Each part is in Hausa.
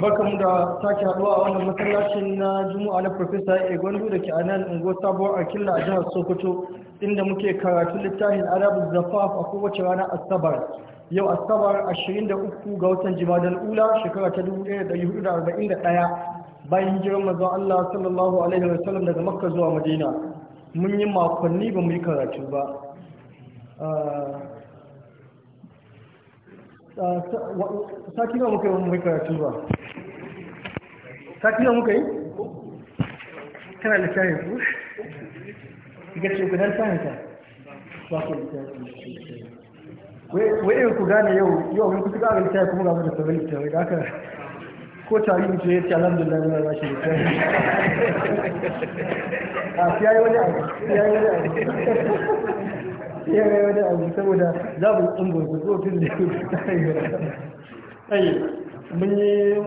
barkamu da sake haduwa a wannan masallacin na juma'a na profesa egwandu da ke a nan ungo sabuwar akilla a jihar sokoto inda muke karatun littafin arabu zafaf a kowace rana asabar yau asabar 23 ga watan jimadar ula shekara ta 1441 bayan hijirar mazan allah sallallahu alaihi wasallam daga makka zuwa madina mun yi makonni ba mu yi karatu ba ah, Ah, sati na muka yi mai karatu ba sati na muka yi kana da shayin ku ga ce ku dan shayin ta ba ku da wai irin ku gane yau yau mun kusa ga littafi kuma ga mu da sabon littafi da haka ko tari mutu ya ce alhamdulillah yana ba shi littafi ah, a fiye wani abu fiye wani abu ya ga wani abu saboda za mu tsungo su zo tun da ayi mun yi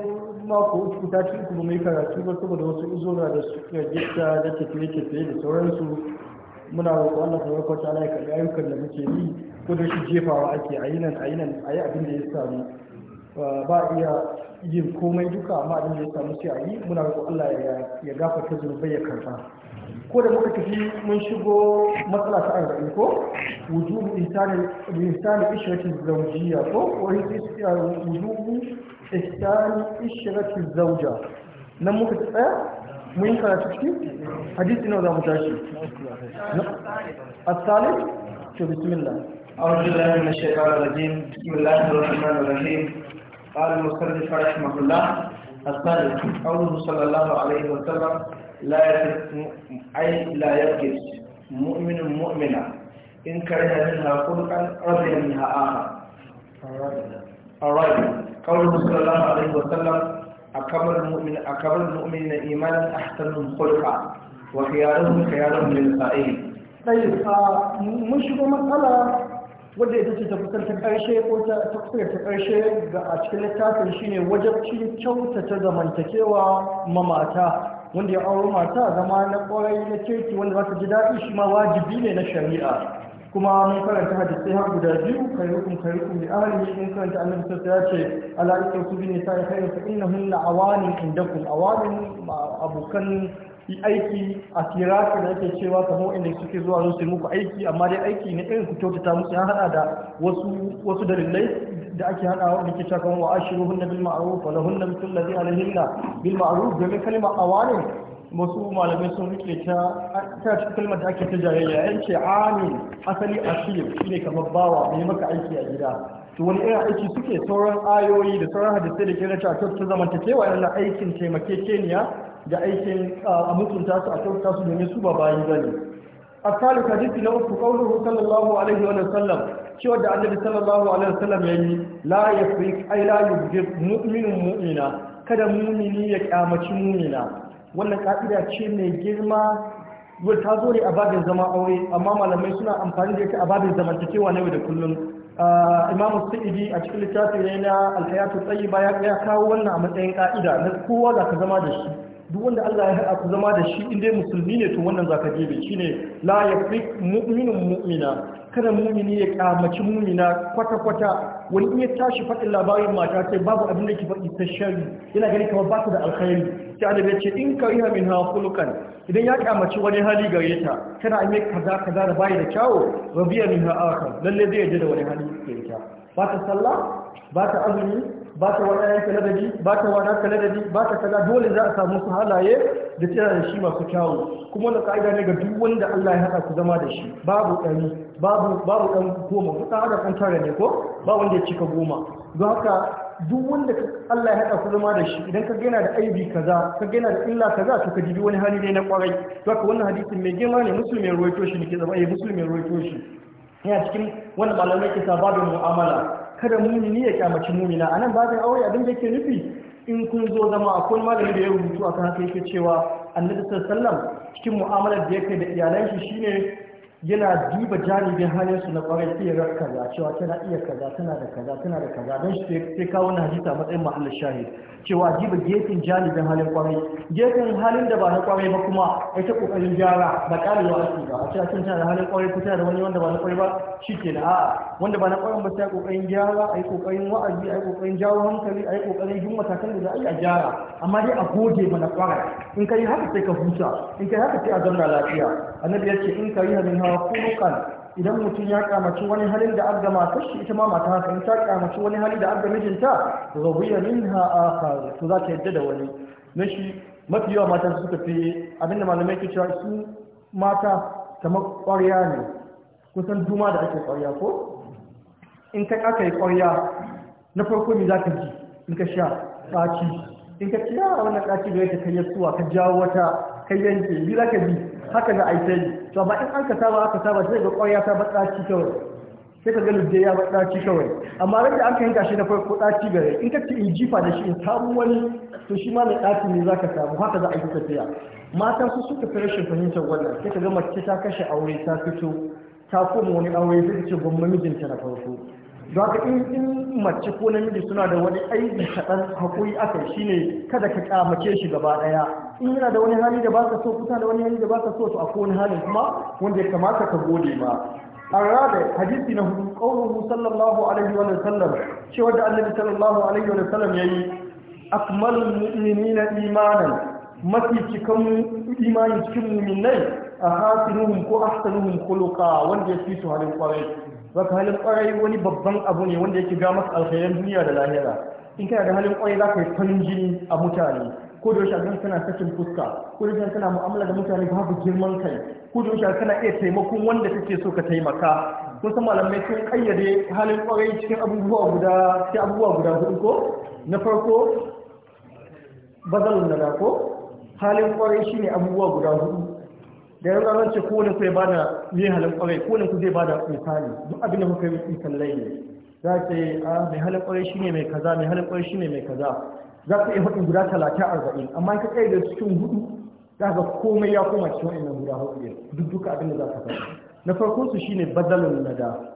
mako uku ta ci kuma mai karatu ba saboda wasu uzura da suka gita da tafiye-tafiye da sauransu muna roƙo Allah ta barka ta ya da ayyukan da muke yi ko da shi jefawa ake a yinan a yinan a yi abin da ya samu ba iya yin komai duka amma abin da ya samu sai a yi muna roƙo Allah ya gafarta zunubai ya karɓa ko da muka tafi mun shigo matsala ta arba'in ko wujubu insani insani ishratin zawjiyya ko wani isra wujubu insani ishratin zawja nan muka tsaya mun karatu ciki hadisi nawa za mu tashi as-salih to bismillah أعوذ بالله من الشيطان الرجيم بسم الله الرحمن الرحيم قال المصنف رحمه الله الثالث قوله صلى الله عليه وسلم لا أي لا يقف مؤمن مؤمنا إن كره منها خلقا رضي منها آخر الرجل قوله صلى الله عليه وسلم أكبر المؤمن أكبر المؤمن إيمانا أحسنهم خلقا وخيارهم خيارهم للقائل طيب آه، مش مسألة wadda ita ce ta kusan ta ƙarshe ko ta أي ta ƙarshe ga a cikin littafin shine wajen kyautata zamantakewa mamata wanda ya auro mata zama na kwarai na keki wanda za su ji daɗi shi ma wajibi ne na shari'a kuma mun karanta hadisai har guda biyu khairukum khairukum li ahlihi mun karanta annabi sallallahu alaihi wasallam ya ce ala ikra su bin nisa'i khairu fa innahunna awanin indakum awanin abokan yi aiki a firaki da ake cewa kamar waɗanda suke zuwa don su muku aiki amma dai aiki ne irin ku kyautata musu ya hada da wasu wasu dalilai da ake hada wa ke cewa wa hunna bil ma'ruf wa lahunna mithlu alladhi alayhinna bil ma'ruf domin a awani wasu malamai sun rike ta ta cikin kalmar da ake ta jayayya yan ce amin asali shi shine kamar bawa mai maka aiki a gida to wani irin aiki suke sauran ayoyi da sauran hadisai da ke na cewa ta zamantakewa yana aikin taimakekeniya da aikin a mutunta su a kyauta su domin su ba bayi ba ne a tsari hadisi na uku sallallahu alaihi wa sallam cewa da annabi sallallahu alaihi wa sallam yayi la yafrik ay la yubghid mu'minin mu'ina kada mumini ya kyamaci mumina wannan ka'ida ce mai girma wai ta zo ne a babin zama aure amma malamai suna amfani da ita a babin zamantakewa na yau da kullum imamu sa'idi a cikin littafi ne na alhayatu tsayi ya kawo wannan a matsayin ka'ida na kowa za ka zama da shi duk wanda Allah ya haɗa ku zama da shi inda musulmi ne to wannan zaka jebe shine la yafrik mu'minun mu'mina kada mu'mini ya kamaci mu'mina kwata kwata wani in ya tashi faɗin labarin mata sai babu abin da ke faɗi ta shari yana gani kamar ba ta da alkhairi sai an ya ce in kariha min ha kulukan idan ya kamaci wani hali gare ta kana ame kaza kaza da bai da kyawu rabiya min ha akhar lalle zai yarda da wani hali gare ta ba ta sallah ba ta azumi ba ta wani da bi, ba ta wani da bi, ba ta kaza dole za a samu su halaye da tsira da shi masu kyawu kuma wani ka'ida ne ga duk wanda Allah ya haɗa ku zama da shi babu ɗari babu babu ɗan goma ku ɗan an tara ne ko ba wanda ya cika goma don haka duk wanda Allah ya haɗa ku zama da shi idan ka gina da aibi kaza ka gina da illa kaza to ka jibi wani hali ne na kwarai to haka wannan hadisin mai girma ne musulmin ruwaito shi ne ke zama eh, ya musulmin ruwaito shi yana cikin wani malamai kisa babin mu'amala kada mumini ya kyamaci mumina a nan babin aure abin da yake nufi in kun zo zama akwai malami da ya rubutu akan haka yake cewa annabi sallallahu cikin mu'amalar da yake da iyalan shi shine yana duba janibin su na kwarai sai ya kaza cewa tana iya kaza tana da kaza tana da kaza don shi sai kawo na hadisa matsayin mahallin shahid cewa duba gefen janibin halin kwarai gefen halin da ba na kwarai ba kuma ai ta kokarin gyara ba karewa ake ba a cewa kin tana da halin kwarai ko tana da wani wanda ba na kwarai ba Shi ke da a'a wanda ba na kwarai ba sai kokarin gyara ai kokarin wa'azi ai kokarin jawo hankali ai kokarin yin matakan da za a yi a gyara amma dai a goge mana kwarai in kai haka sai ka huta in kai haka sai a zauna lafiya annabi ya ce in yi min hawa khuluqan idan mutum ya kamaci wani halin da aga matar shi ita ma mata haka in ta kamaci wani hali da aga mijinta rabiya minha akhar to za ta yadda da wani na shi mafi yawa mata suka fi abinda malamai ke cewa su mata kamar ƙwarya ne kusan duma da ake ƙwarya ko in ka kaka yi ƙwarya na farko ne za ka ji in ka sha ɗaci in ka ciya a ah, wannan ɗaci da yake kai yasuwa ka jawo wata kai yanke bi za ka bi haka na aitai to ba in an ka saba aka saba sai ga ƙwarya ta ci kawai sai ka ga lujje ya ci kawai amma ran da an ka yanka shi na farko ɗaci gare in ka ci in jifa da shi in samu wani to shi ma mai ɗaci ne za ka samu haka za a yi tafiya mata su suka fi rashin fahimtar wannan sai ka ga mace ta kashe aure ta fito ta koma wani aure sai ta ce gwamma mijinta na farko don haka in mace ko namiji suna da wani aiki kaɗan hakuri akai shine kada ka kyamace shi gaba ɗaya in yana da wani hali da baka so kusa da wani hali da baka so to akwai wani halin kuma wanda ya kamata ka gode ma الرابع حديث له قوله صلى الله عليه وسلم شو دعا النبي صلى الله عليه وسلم يعني أكمل المؤمنين إيمانا ما في كم إيمان كم من نيل أحسنهم كو أحسنهم خلقا وان يسيسوا halin القرآن zaka halin kwarai wani babban abu ne wanda yake gama maka alkhairan duniya da lahira in kana da halin kwarai zaka yi tanin jini a mutane ko da shagan kana sakin fuska ko da kana mu'amala da mutane babu girman kai ko da kana iya taimakon wanda kake so ka taimaka Musamman san malamai sun kayyade halin kwarai cikin abubuwa guda cikin abubuwa guda hudu ko na farko bazalun da ko halin kwarai shine abubuwa guda hudu da yanzu ran ce kowane ku ya bada mai halin kwarai kowane ku zai bada misali duk abin da kuka yi kallai ne za ka yi a ah, mai halin kwarai shine mai kaza mai halin kwarai shine mai kaza za ka iya faɗin guda talatin arba'in amma ka kai da cikin hudu za ka komai ya koma cikin wa'annan guda hudu ne duk duka abin da za ka faɗi na farko su shine badalin nada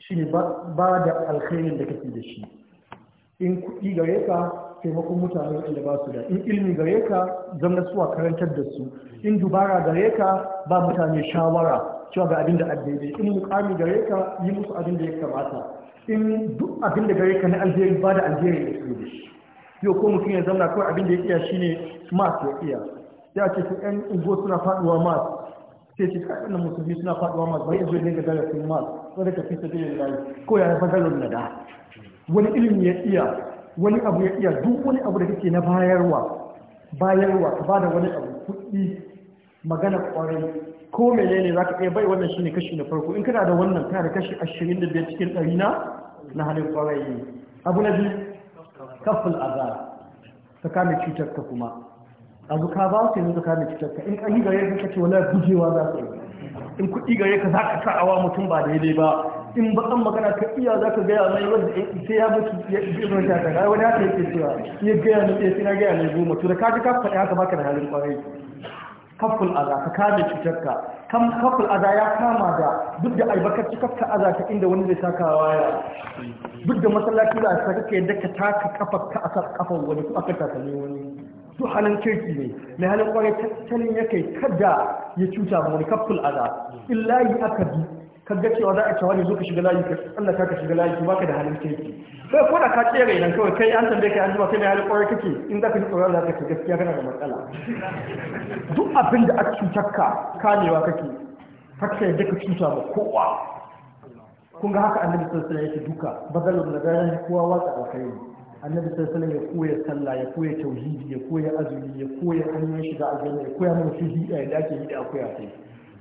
shine ba da alkhairin da kake da shi in kuɗi gare ka taimakon mutane da ba su da in ilmi gare ka zama suwa karantar da su in dubara gare ka ba mutane shawara cewa ga abin da addaidai in mukami gare ka yi musu abin da ya kamata in duk abin da gare ka na aljeri ba da aljeri da su da shi yau ko mutum ya zama kawai abin da ya iya shine mas ya iya ya ce su yan ungo suna faduwa mas sai ce kai ɗan musulmi suna faduwa mas bai zo ne ga darasin mas wanda ka fi ta da ko ya fa na nada wani ilimi ya iya wani abu ya iya duk wani abu da kake na bayarwa bayarwa ka bada wani abu kuɗi magana kwarai ko menene za ka iya bai wannan shine kashi na farko in kana da wannan kana da kashi ashirin da biyar cikin ɗari na na halin kwarai abu na biyu kafin azar ka kame cutar ka kuma abu ka ba su yanzu ka kame cutar ka in ƙari gare ka ce wala gujewa za su yi in kuɗi gare ka za ka sa awa mutum ba daidai ba in bakan magana ka iya za ka gaya mai wanda sai ya mutu ya ɗi ɗin ta ta wani haka yake cewa ya gaya mai ɗaya sai gaya mai goma to da ka ji ka faɗi haka baka da halin ƙwarai kafin aza ka kame cutarka kan kafin aza ya kama da duk da albarkaci kafin aza ta inda wani zai saka waya duk da masallaci da a saka yadda ka taka kafa ka a kafan wani ko aka ne wani duk halin kirki ne mai halin kwarai tattalin ya kai kada ya cuta ba wani kafin aza in layi aka bi kaga cewa za a cewa ne zo ka shiga layi ka tsallaka ka shiga layi ba ka da halin kirki kai ko da ka tsere idan kawai kai an tambaye kai an zuba kai mai halin kwarai kake in za ka ji tsoron za ka ce gaskiya kana da matsala duk abin da a cutar ka kamewa kake kakka yadda ka cuta ma kowa kun ga haka annabi sallallahu alaihi wasallam yake duka bazalun da gayan kowa watsa alkhairi annabi sai alaihi ya koya sallah ya koya tauhidi ya koya azumi ya koya hanyar shiga aljanna ya koya mana shi da ake yi da koya sai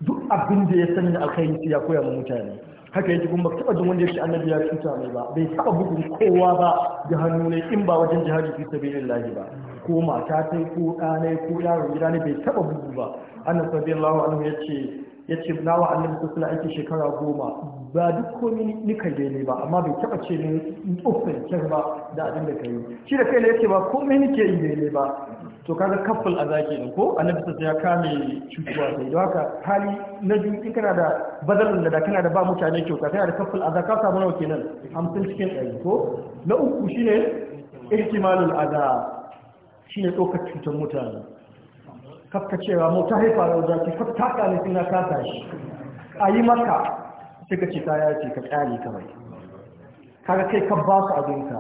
duk abin da ya sani alkhairi ya koya ma mutane haka yake kuma baka taba jin wanda yake annabi ya cuta mai ba bai taba bugun kowa ba da hannu ne in ba wajen jihadi fi sabilillahi ba ko mata sai ko ɗanai ko yaro gida bai taba bugu ba annabi sallallahu alaihi wasallam yace ya ce na wa annabi su suna aiki shekara goma ba duk komi nika je ne ba amma bai taba ce ne tsofin kyar ba da abin da ka yi shi da kai ne yake ba komi nike yi ne ba to kaga kafin a zaki a ko annabi su ya kame cutuwa sai don haka hali na biyu in kana da bazarin da kana da ba mutane kyauta kana da kafin a zaka samu nawa kenan hamsin cikin ɗari ko na uku shine ihtimalul adha shine tsokar cutar mutane kafka cewa mu ta haifa da zaki kafka ta ne suna ka tashi a yi maka sai ka ce ka ya ce ka tsare kawai kaga kai ka ba su abinka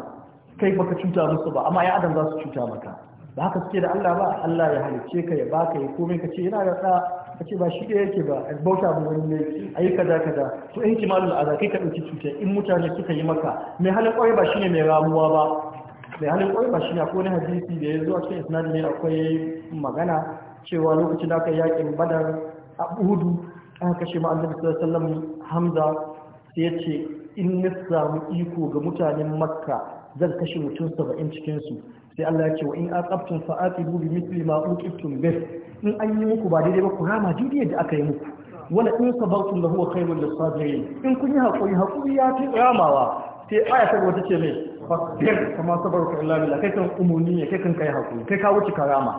kai baka cuta musu ba amma ya adam za su cuta maka ba haka suke da Allah ba Allah ya halicce ka ya baka ya komai ka ce yana da tsa ka ce ba shi ɗaya yake ba a bauta ba wani ne a yi kaza kaza to in kimalul a kai ka ɗauki cuta in mutane suka yi maka mai halin ƙwai ba shine mai ramuwa ba mai halin ƙwai ba shine akwai wani hadisi da ya zo a cikin isnadi ne akwai magana cewa lokacin da aka yakin badar a budu aka kashe ma annabi sallallahu hamza sai ya ce in na samu iko ga mutanen makka zan kashe mutum saba'in cikinsu sai Allah ya ce wa in a tsabtun aqibu bi misli ma ukiftun bes in an yi muku ba daidai ba ku rama jiriyar da aka yi muku wala in sabartum da huwa khairul sabirin in kun yi hakuri hakuri ya fi ramawa sai aya ta wata ce mai fasbir kama sabar ka illa billah kai kan umuni ne kai kan kai hakuri kai ka wuce karama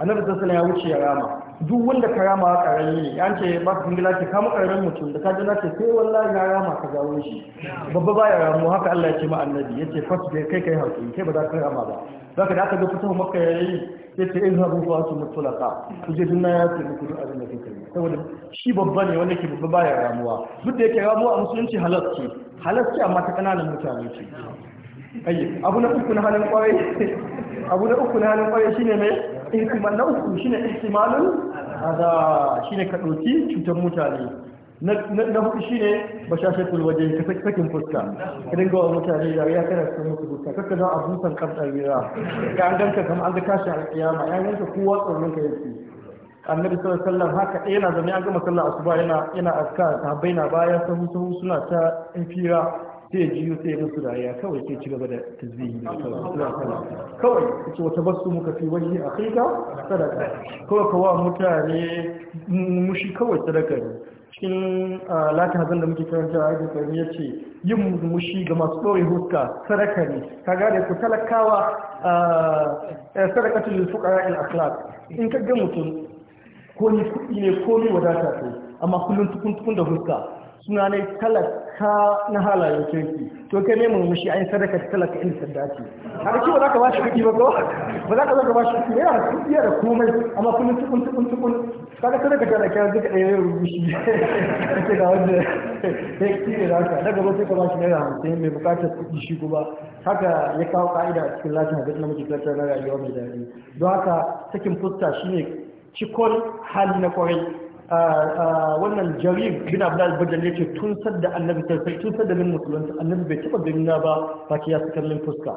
annabi sallallahu alaihi ya wuce karama duk wanda karama ya karami ne an ce ba ka kingila ce kama karamin mutum da ka ji na ce sai wallahi ya rama ka gawo shi babba baya ya ramu haka Allah ya ce ma annabi yace fasbir kai kai hakuri kai ba za ka rama ba zaka da aka ga fito maka yayi yace in habu fa su mutulaka je dinna ya ce mutu duk abin da kake yi saboda shi babba ne wanda ke babba baya ramuwa duk da yake ramuwa a musulunci halal ce halal ce amma ta kananan mutane ce ayi abu na uku na halin kwarai abu na uku na halin kwarai shine mai ihtimal na uku shine ihtimalun ada shine ka dauki cutar mutane na hudu shi ne ba shashatul waje ta sakin fuska ka dinga wa mutane ya kara su musu fuska kakka za a busan kan tsarira ka an ganka kama an ga tashi alƙiyama ya yanka kowa tsoron ka yake annabi sallallahu alaihi wasallam haka ɗaya na zama ya gama sallah asuba yana yana aska ta na baya sahu sahu suna ta fira sai jiyo sai musu dariya kawai sai ci gaba da tasbihi da kawai kawai kace wata basu muka fi wani ka sadaka kawai kawai mutane mushi kawai sadaka ne cikin latin hazan da muke karanta a yadda ya ce yin murmushi ga masu ɗore huska sadaka ne ka gane ku talakawa sadakatun lilfuƙara il akhlaq in ka ga mutum ko ni kuɗi ne ko ni wadata ce amma kullum tukun tukun da huska suna ne talak ka na halayen kirki to kai ne murmushi an sadaka ta talaka in ta haka ce ba za ka ba shi kuɗi ba ko ba za ka ba shi kuɗi yana kuɗi da komai amma kullum tukun tukun tukun kaga sadaka ta talaka duka ɗaya ya rubushi kace ga wanda ya ki da haka daga ba sai ka ba shi naira hamsin mai bukatar kuɗi shi kuma haka ya kawo ka'ida a cikin latin ga na mutum tattalin rayuwa mai daɗi don haka sakin fuska shine cikon hali na kwarai wannan jarir bin abdul albajal yake tun sadda annabi sai tun sadda min musulunci annabi bai taba ganina ba ba ya saka min fuska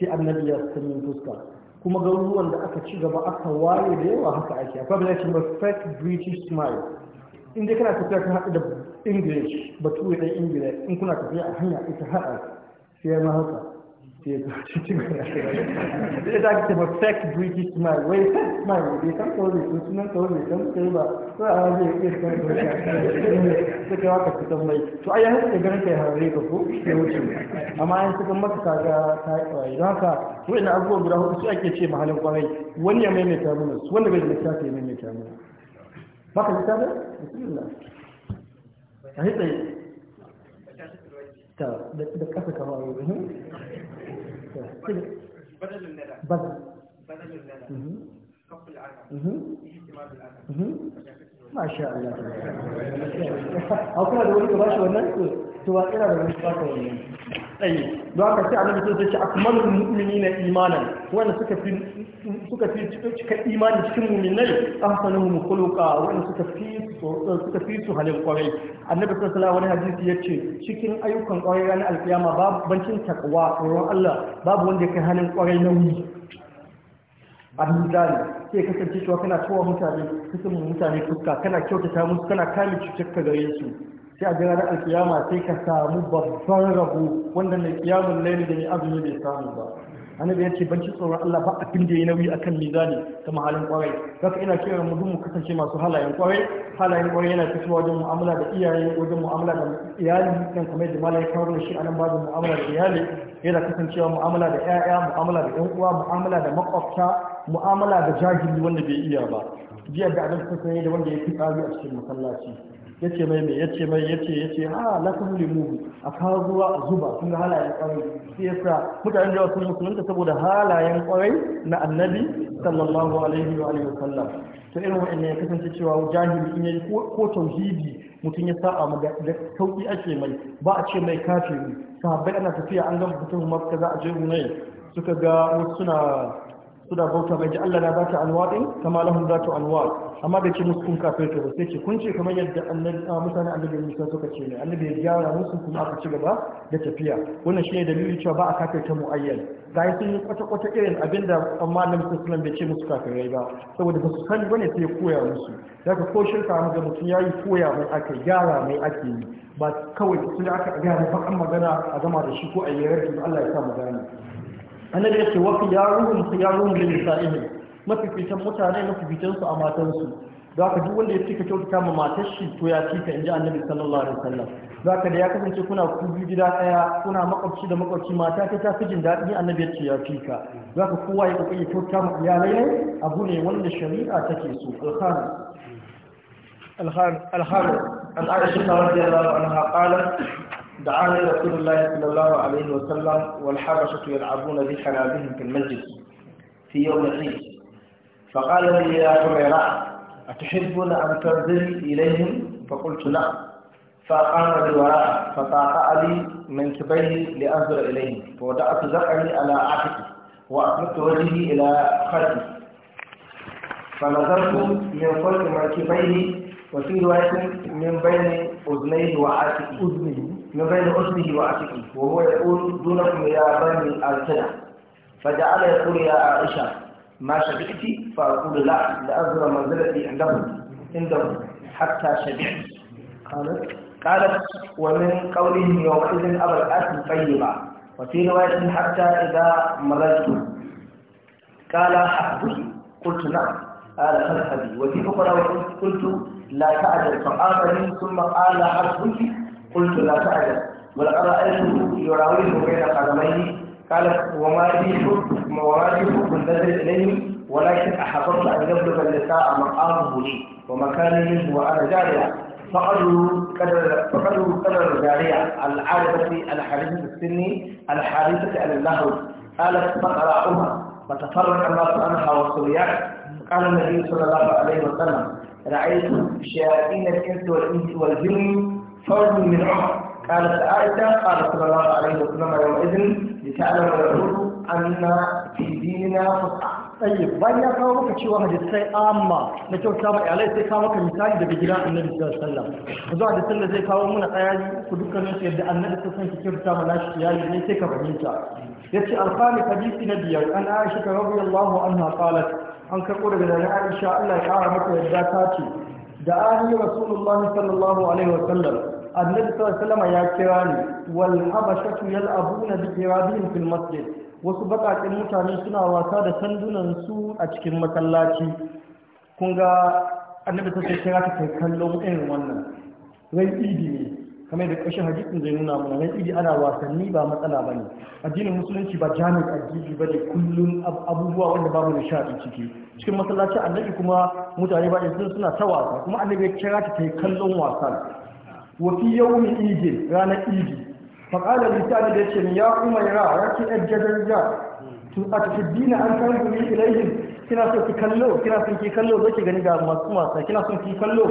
sai annabi ya saka min fuska kuma ga garuruwan da aka ci gaba aka waye da yawa haka ake akwai da yake perfect british smile in dai kana tafiya kan haɗu da english bature ɗan ingila in kuna tafiya a hanya ita haɗa sai ya haka sai za ki taɓa fake british smile wai fake smile bai san kawai sun sunan kawai bai san kai ba ko a wani ya ke san kawai ta kai waka fitan mai to ai haka ka ganin kai harare ka ko sai wuce amma an suka maka kaga ta kwaye don haka wa'annan abubuwan guda hudu su ake ce mahalin kwarai wani ya maimaita mana su wanda bai da littafi ya maimaita mana baka littafi bismillah a hitsaye da kasa kamar yau كل بدل الندى بدل بدل الندى كف الأذى اهتمام الأذى ما شاء الله أو كنا دولي كباش ولا cewa ina da mutuwa ta wannan ɗaya don haka sai annabi sai ya ce akmalul mu'minina imanan wanda suka fi suka fi cika imanin cikin mu'minai ahsanuhum khuluqa wanda kuluka fi suka fi su halin kwarai annabi sallallahu alaihi wani hadisi ya ce cikin ayyukan kwarai ranar alkiyama babu bancin takwa tsoron Allah babu wanda ya kai halin kwarai nauyi abin zali sai kasance cewa kana cewa mutane kusan mutane fuska kana kyautata musu kana kame cutar ka gare su sai a jira ranar kiyama sai ka samu babban rabo wanda mai kiyamun laili da mai azumi bai samu ba annabi ya ce ban ci tsoron Allah ba abin da ya nauyi akan mizani ta mahalin kwarai zaka ina kiran mu mu kasance masu halayen kwarai halayen kwarai yana fitowa wajen mu'amala da iyaye wajen mu'amala da iyali kan kamar yadda malai kawo shi anan babu mu'amala da iyali yana kasancewa mu'amala da ƴaƴa mu'amala da ƴan uwa mu'amala da makwabta mu'amala da jahili wanda bai iya ba jiya da abin kusa da wanda ya fi tsari a cikin masallaci ya ce mai ya ce mai ya ce ya ce ha lakum limu a kawo ruwa a zuba kun halayen kwarai sai ya sa mutanen da sun musulunta saboda halayen kwarai na annabi sallallahu alaihi wa alihi wasallam to irin ne ya kasance cewa jahili in yi ko tauhidi mutum ya a mu da sauki ake mai ba a ce mai kafiri sahabbai ana tafiya an gama mutum makka za a je hunai suka ga wasu suna suna bauta mai ji Allah na ba ta alwaɗin kama lahun za ta alwaɗ amma bai ce musu kun kafirce ba sai ce kun ce kamar yadda mutane annabi musa suka ce ne annabi ya gyara musu kuma aka ci gaba da tafiya wannan shine dalili cewa ba a ta muayyan ga yi sun yi kwata-kwata irin abin da amma annabi sunan bai ce musu rai ba saboda ba su sani ne sai ya koya musu ka ko shirka a maza mutum yi koya mai aka gyara mai ake yi ba kawai sun aka gyara an magana a zama da shi ko a yi rarrafi Allah ya sa mu gane annabi yake wa khiyaruhum khiyaruhum li nisa'ihim mafificin mutane mafificin su a matansu za ka duk wanda ya cika kyautata ma matar shi to ya cika inji annabi sallallahu alaihi wasallam za ka da ya kasance kuna kubi gida daya kuna makwabci da makwabci mata ta ta fi jin daɗi annabi ya ce ya cika za ka kowa ya kokari kyautata ma iyalai ne abu ne wanda shari'a take so alkhairi alkhairi alkhairi an aisha radiyallahu anha qalat دعاني رسول الله صلى الله عليه وسلم والحبشة يلعبون بحلابهم في المسجد في يوم العيد فقال لي يا حميرة أتحبون أن تنزل إليهم فقلت لا فقام بوراء فطاقع لي منكبيه لأنظر إليهم فوضعت زرعي على عاتقي وأطلقت وجهي إلى خلفي فنظرت من فوق منكبيه وفي رواية من بين أذنيه وعاتقي أذنيه من بين أذنه وعتقه وهو يقول دونكم يا بني الكلى فجعل يقول يا عائشة ما شبعت فأقول لا لأزر منزلتي عندهم عندهم حتى شبعت قالت قالت ومن قولهم يومئذ أبى الأكل طيبا وفي رواية حتى إذا مررت قال حبي قلت نعم قال فاذهبي وفي أخرى قلت لا تعجل فقال ثم قال حبي قلت لا تعجب بل رأيته يراوده بين قدميه قالت وما لي حكم وما لي حكم النذر إليه ولكن أحببت أن يبلغ النساء مقامه لي ومكاني منه وأنا جارية فقدوا قدر قدر الجارية في الحارثة السني الحارثة عن اللهو قالت فقرأها فتفرق الناس عنها والسريات قال النبي صلى الله عليه وسلم رأيت شياطين الإنس والإنس والجن فوج من عمر قالت عائشة قال صلى الله عليه وسلم يومئذ لتعلم العروض أن في ديننا فقه طيب بايا كاو كشي واحد سي اما نشوف سامع عليه سي كاو كمثال ده بجلاء النبي صلى الله عليه وسلم خذوا هذا زي كاو من قيادي كدكن سي ده النبي صلى الله عليه وسلم كيرتا ولا شي يعني ني سي كاو نيتا يتي الخام حديث النبي ان عائشه رضي الله عنها قالت ان كقول ده عائشه الله يعلم متى ذاتي da ahli rasulullahi sallallahu alaihi wa sallam annabi sallallahu ya kira ni wal habashatu yal'abuna bi kirabihim fil masjid wasu bakakin mutane suna wasa da sandunan su a cikin masallaci kun ga annabi ta kira ta kai kallon irin wannan rai idi ne kamar da ƙarshen hadisin zai nuna mana nan idi ana wasanni ba matsala ba bane addinin musulunci ba jami'in addini bane kullum abubuwa wanda babu nishaɗi ciki cikin masallaci annabi kuma mutane ba da suna ta wasa kuma annabi ya kira ta yi kallon wasan wa fi yawmin idi, ranar idi faƙala lisani da ce ya umaira ya ce ɗan jadarja Tun a an san gumi kina so ki kallo kina son ki kallo zaki gani ga masu wasa kina son ki kallo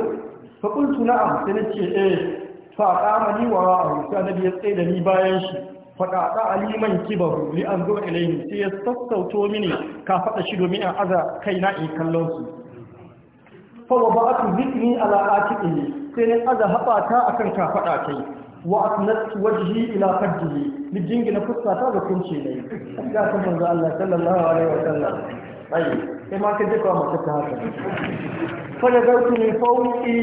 fa qultu na'am sai eh faɗa ni wa ra'ahu sai annabi ya tsaye da ni bayan shi faɗa faɗaɗa aliman kibaru li an zo ilayhi sai ya sassauto mini ka faɗa shi domin in aza kaina in kallon su fa wa ba'atu zikri ala atiqi sai ne aza haɓata akan ka faɗa kai wa asnat wajhi ila fajjihi ni jingina fuskata ga kunce ne ga san manzo Allah sallallahu alaihi wa sallam ai sai ma ka jefa mace ta haka fa da ne min fawqi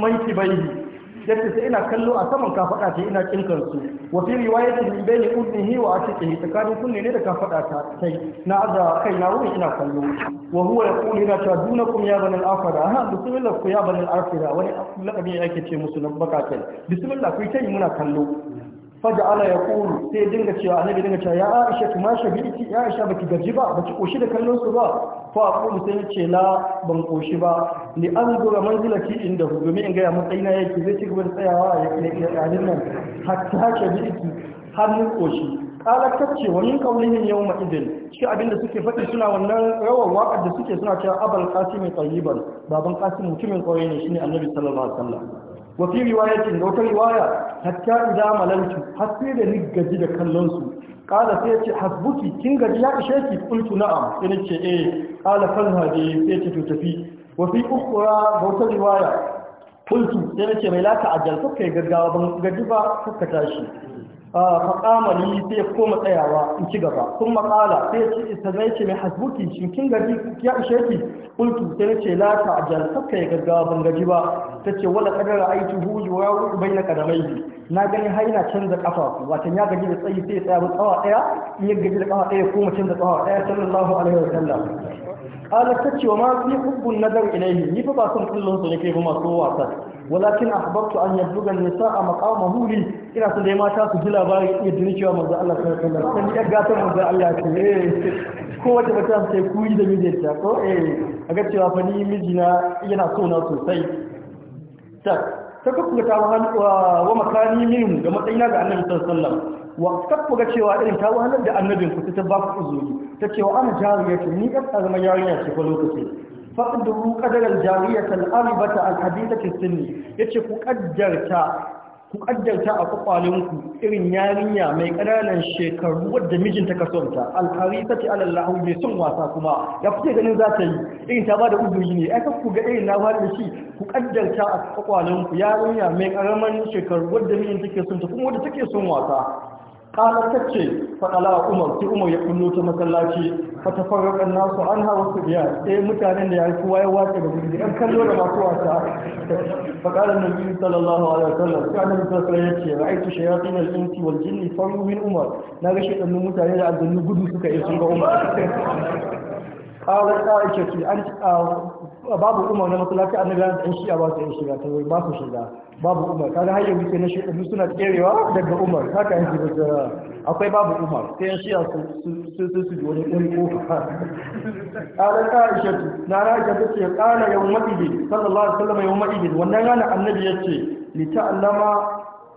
mankibayhi yace sai ina kallo a saman kafada ta ina kinkan su wa fi riwayati min bayni udnihi wa atiqihi takadu kunne ne da kafada ta sai na aza kai na wuri ina kallo wa huwa yaqulu ina ta dunakum ya banal afara ha bismillah ku ya banal afara wani lakabi yake ce musu na bakatel bismillah ku yi muna kallo faja ala ya kulu sai dinga cewa annabi dinga cewa ya aisha kuma shabi'ti ya aisha baki gaji ba baki koshi da kallon su ba fa aqulu sai ce la ban koshi ba Ni li anzura manzilati inda gumi in ga ya matsayina yake zai ci gaba da tsayawa ya ya yayin nan hatta har hannun koshi kala tacce wa min yau ma idin shi abinda suke faɗi suna wannan rawar waƙar da suke suna cewa abal qasim tayyiban baban qasim mutumin ƙauye ne shine annabi sallallahu alaihi wasallam wafi riwaya ce da wata riwaya hatta idza malantu har da ni gaji da kallon su kala sai ya ce hasbuki kin gaji ya ishe ki kuntu na'am sai ce eh kala falhaji sai ce to tafi wafi fi ukhra wata riwaya kuntu sai ce mai laka ajal yi gaggawa ban gaji ba ka tashi faƙama ni sai koma tsayawa in ci gaba sun maƙala sai ce sannan ce mai hasbuki shin kin gaji ya ishe ki kultu sai ce la ta ajal sakka ya gaggawa ban gaji ba ta ce wala kadara aiki huji wa ya bai na kadamai na gani har yana canza kafa watan ya gaji da tsayi sai ya tsaya tsawa ɗaya in ya gaji da kafa ɗaya koma canza tsawa ɗaya sallallahu alaihi wa sallam qala ta ce wa ma fi hubbun nazar ilayhi ni fa ba son kullun su ne kai ba masu wasa walakin ahbabtu an yabluga nisaa maqama li ina son dai mata su ji labari ya dini cewa manzo Allah sallallahu alaihi wasallam sai ga san manzo Allah ce eh ko wata mata sai kuyi da mijinta ko eh aga cewa fa ni mijina yana so na sosai tak ta kafkuta wa makani min ga matsayina ga annabi sallallahu alaihi wasallam wa ga cewa irin ta wahalar da annabin ku ta ba ku uzuri ta cewa ana ce ni kan zama yarinya ce ko lokaci faqduru qadaral jariyat al-arbata al-hadithati sinni yace ku ƙaddarta a kwakwalinku irin yarinya mai ƙananan shekaru wadda mijinta ka sonta al ta ce alallahu mai son wasa kuma ya fi ganin za ta yi irin ta ba da uzuri ne ya ku ga irin labarin shi ku ƙaddarta a kwakwalinku yarinya mai ƙaramin shekaru wadda mijinta ke sonta kuma wadda take son wasa kalar ta ce faɗala wa umar sai umar ya kullo ta masallaci a tafarraƙar nasu an hawa su biya ɗaya mutanen da ya fi ya wace da gudu an kallo da masu wasa faɗala na biyu sallallahu alaihi wasallam sai annabi sallallahu alaihi wasallam ya ce ra'aitu shayatin al-insi wal jinni faru umar na ga shaɗannin mutane da aljannu gudu suka yi sun ga umar kawai ta an ci a babu umar na masallaci annabi ya ɗan shi'a ba su yin shiga ta ba su shiga babu umar kaga har yanzu ke na shekaru suna kerewa daga umar haka yanzu ba tsara akwai babu umar sai yan shi'a su su su wani ɗan kofa ƙarar ta aisha na na aisha ta ce ƙara yau ma'idin sallallahu alaihi wasallam yau ma'idin wannan rana annabi ya ce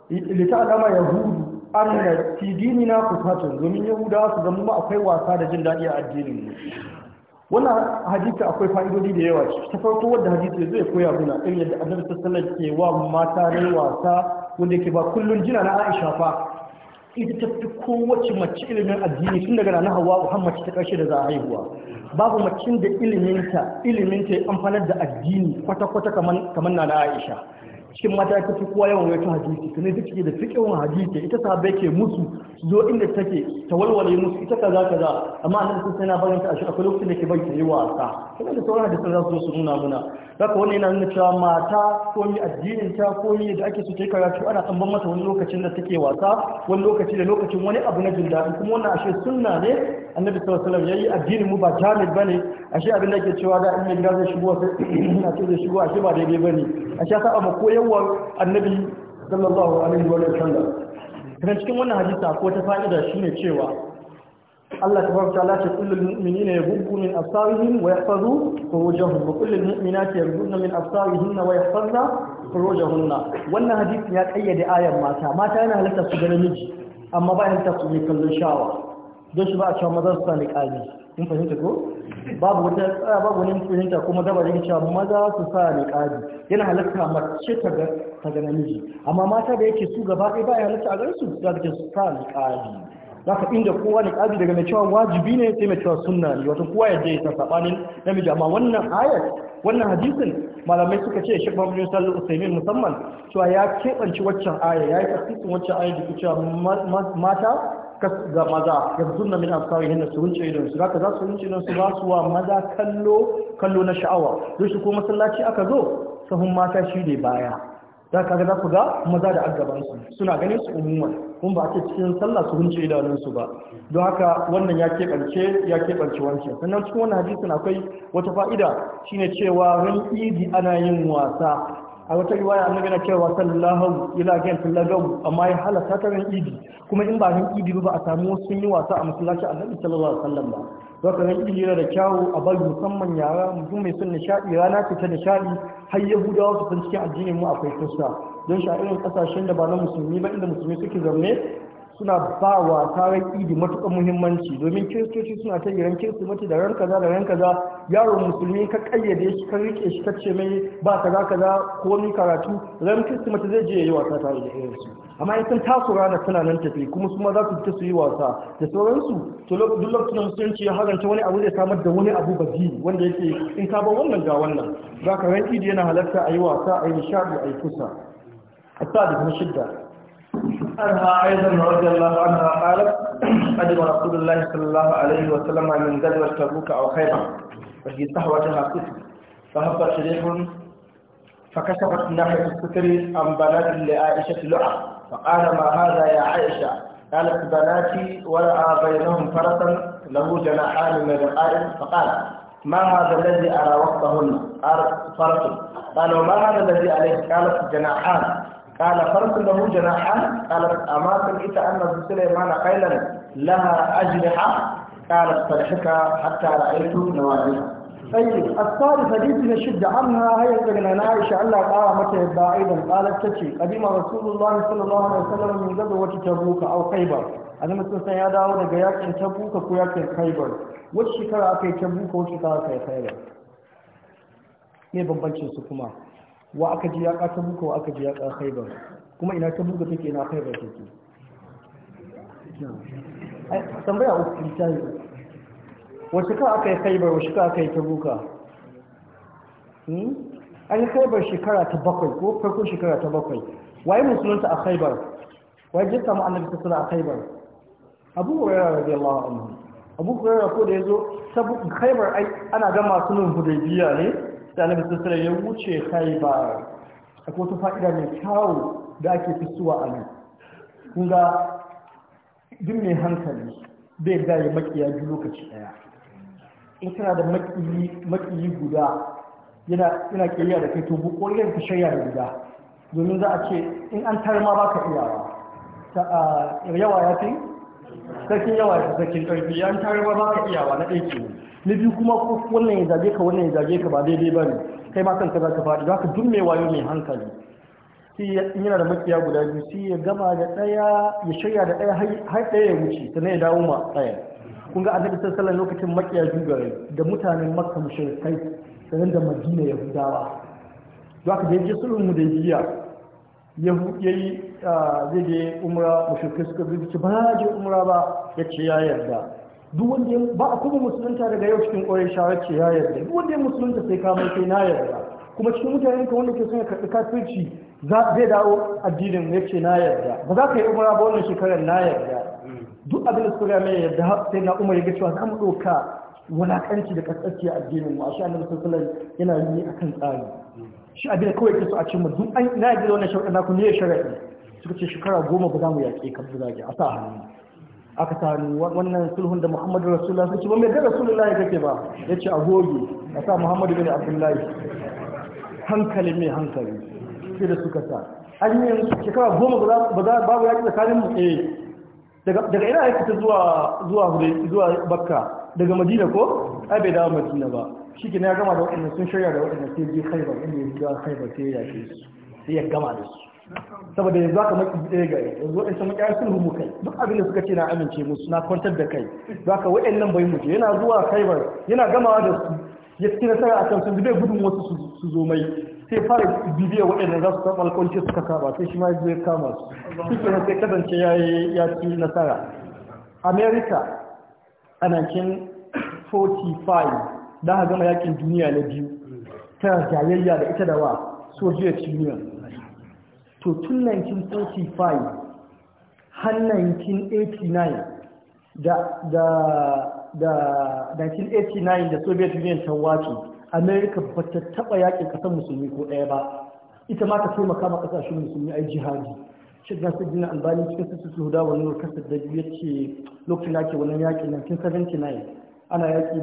lita'alama yahudu an na tidini na kufatun domin yahudawa su zama akwai wasa da jin daɗi a addinin mu wannan hadisi akwai fa'idodi da yawa ta farko wanda hadisi zai koya muna irin yadda annabi sallallahu ke wa mata ne wasa wanda yake ba kullun jina na Aisha fa ita ta fi kowace mace ilimin addini tun daga na Hawwa Muhammad ta karshe da za a haihuwa babu macen da iliminta iliminta ya amfanar da addini kwata-kwata kamar na Aisha cikin mata ya fi kowa yawan wata hadisi sannan ita ke da wani hadisi ita sahabbai ke musu zo inda take ta walwale musu ita kaza kaza amma nan sun sana barin ta a shi akwai lokacin da ke bari ta yi wasa Kuma da sauran hadisan za su zo su nuna muna zaka wannan yana nuna cewa mata ko mi addinin ta ko mi da ake so ta yi karatu ana an ban mata wani lokacin da take wasa wani lokaci da lokacin wani abu na jin daɗi kuma wannan ashe sunna ne annabi sallallahu alaihi yayi addinin mu ba jamil bane ashe abin da yake cewa da in gida zai shigo sai na ce zai shigo ashe ba daidai bane ashe ta amma koyarwar annabi sallallahu alaihi wa sallam kana cikin wannan hadisi akwai ta fa'ida shine cewa Allah tabaraka ta'ala ce kullul mu'minina yaghuddu min absarihim wa yahfazu furujahum wa kullul mu'minati yaghuddu min absarihim wa yahfazna furujahunna wannan hadisi ya kayyade ayan mata mata yana halatta su ga namiji amma ba halatta su ne kallon shawa don shi ba a cewa maza su sa ƙari, in fahimta ko babu wata tsaya babu wani fahimta ko maza ba zai cewa maza su sa ƙari. yana halatta mace ta ga ta ga namiji amma mata da yake su gaba ɗaya baya halatta a garin su za ka su sa ƙari. za ka inda kowa ƙari daga mai cewa wajibi ne sai mai cewa sunna ne wato kowa yadda ya sa sabanin namiji amma wannan ayat wannan hadisin malamai suka ce shi babu yusuf al-usaimin musamman cewa ya keɓance waccan aya ya yi tafsirin waccan aya da cewa mata ga maza ya zunna min asarihin su wuce idon su zaka za su wuce idon su ba su wa maza kallo na sha'awa shi ko masallaci aka zo sahun mata shi ne baya za ka ga za ku ga maza da agabansu suna ganin su umuman kun ba a ce cikin sallah su hunce su ba don haka wannan ya keɓance ya keɓance wancan sannan cikin wannan hadisin akwai wata fa'ida shine cewa rin idi ana yin wasa a wata riwaya annabi yana cewa sallallahu ila gairin ga'u amma ya halatta ta ran idi kuma in ba ran idi ba a samu sun yi wasa a masallaci annabi sallallahu alaihi wasallam ba zaka ran idi yana da kyawu a bari musamman yara mutum mai son nishadi rana ce ta nishadi har yahudawa su san cikin addinin mu akwai kusa don sha'irin kasashen da ba na musulmi ba inda musulmi suke zaune suna ba wa tarin idi matuƙar muhimmanci domin kiristoci suna ta ran kirsimati da ran kaza da ran kaza yaron musulmi ka kayyade shi ka rike shi ka mai ba kaza kaza ko ni karatu ran kirsimati zai je yi wasa tare da su. amma in sun taso rana suna nan tafi kuma su ma za su fita su yi wasa da sauransu to duk lokacin da musulunci ya haranta wani abu zai samar da wani abu bazi wanda yake in ka wannan ga wannan za ka ran idi yana halarta a yi wasa a yi nishaɗi a yi kusa a sa da shidda عنها أيضا رضي الله عنها قالت قدم رسول الله صلى الله عليه وسلم من غزوة تبوك أو خيبة وهي صحوتها كتب فهب شريح فكشفت ناحية الستر عن بنات لعائشة لعب فقال ما هذا يا عائشة قالت بناتي ورأى بينهم فرسا له جناحان من الرقائق فقال ما هذا الذي أرى وقتهن فرس قال وما هذا الذي عليه قالت جناحان قال فرس له جناحا قالت أما سمعت أن سليمان قيلا لها أجنحة قالت فرحك حتى رأيت نوازلها طيب الثالث حديث نشد عنها هي سجنان عائشة ألا قامت يبا قالت تشي قديم رسول الله صلى الله عليه وسلم من غزوة تبوك أو خيبر أنا مثل يا داود جاك تبوك أو ياك خيبر وش شكرا أكي تبوك وش شكرا أكي خيبر ne bambancin su kuma wa aka ji ya ƙasa muka wa aka ji ya ƙasa haibar kuma ina ta buga take na haibar take tambaya uku misali wasu ka aka yi haibar wasu ka aka yi ta buka hmm? an yi haibar shekara ta bakwai ko farkon shekara ta bakwai waye musulunta a haibar waye jin samu annabi ta suna a haibar abu hurairah radiyallahu anhu abu hurairah ko da yazo sabu haibar ana ga masu nufin hudaybiya ne sai annabi sallallahu alaihi ya wuce ba akwai wata fa'ida mai kyawu da ake fisuwa a nan kun ga duk mai hankali bai ga ya makiya biyu lokaci daya in kana da makiyi guda yana yana da kai to bu koyar ka shirya da guda domin za a ce in an ba baka iyawa ta yawa ya fi sarkin yawa ya sarkin karfi ya an tarma baka iyawa na ɗaya kenan na biyu kuma wannan ya zage ka wannan ya zage ka ba daidai ba ne kai ma kanka za ka faɗi za ka duk mai wayo mai hankali yana da makiya guda biyu sai ya gama da ɗaya ya shirya da ɗaya har ɗaya ya wuce sannan ya dawo ma ɗaya kun ga annabi sallallahu alaihi lokacin makiya jugare da mutanen makka mushrikai sannan da madina yahudawa za ka je sulhun mu da jiya yayi ah, zai je umra mushrikai suka bi ba je umra ba ya ce ya yarda duk wanda ba a kuma musulunta daga yau cikin ƙwarai shawar ce ya yarda duk wanda ya musulunta sai kamar sai na yarda kuma cikin mutanen ka wanda ke son ya karɓi kafirci zai dawo addinin ya ce na yarda ba za ka yi umara ba wannan shekarar na yarda duk abin da suka mai yarda sai na umar ya ga cewa za mu ɗauka wulaƙanci da ƙasƙanci a addinin mu a shi annabi sallallahu yana yi a kan tsari shi abin da kawai ke so a cimma duk an na yarda wannan shawar na ku ne ya shari'a suka ce shekara goma ba za mu yaƙe ka ba za a sa hannu aka sami wannan sulhun da muhammadu rasulullah sai ce ba mai ga rasulullah kake ba ya agogi a sa muhammadu bin abdullahi hankali mai hankali sai da suka sa an yi shekara goma ba za babu yaki tsakanin mu tsaye eh. daga ina ya fita zuwa bakka daga madina ko ai bai dawo madina ba shi ke ya gama da waɗanda sun shirya da waɗanda sai je haibar inda ya zuwa haibar sai ya yake su sai ya gama da su saboda yanzu aka maki ɗaya gare yanzu waɗansu maƙiyar sulhu mu kai duk abin da suka ce na amince musu na kwantar da kai za ka nan bai muje yana zuwa kaibar yana gamawa da su ya ci nasara a kan sun zai gudun wasu su zo mai sai fara bibiyar nan za su samu alƙawanci suka kama sai shi ma zai kama su shi kenan sai kasance ya ci nasara america a 1945 da ha gama yakin duniya na biyu ta jayayya da ita da wa soviet union to tun 1945 har 1989 da soviet union ta wace america ba ta taba yakin kasar musulmi ko ɗaya ba ita ma ta taimaka ma kasashen musulmi yi jihadi shek na sirgin albani cikin sassu su huda wani kasar da ya ce lokacin ake wannan yakin 1979 ana yaki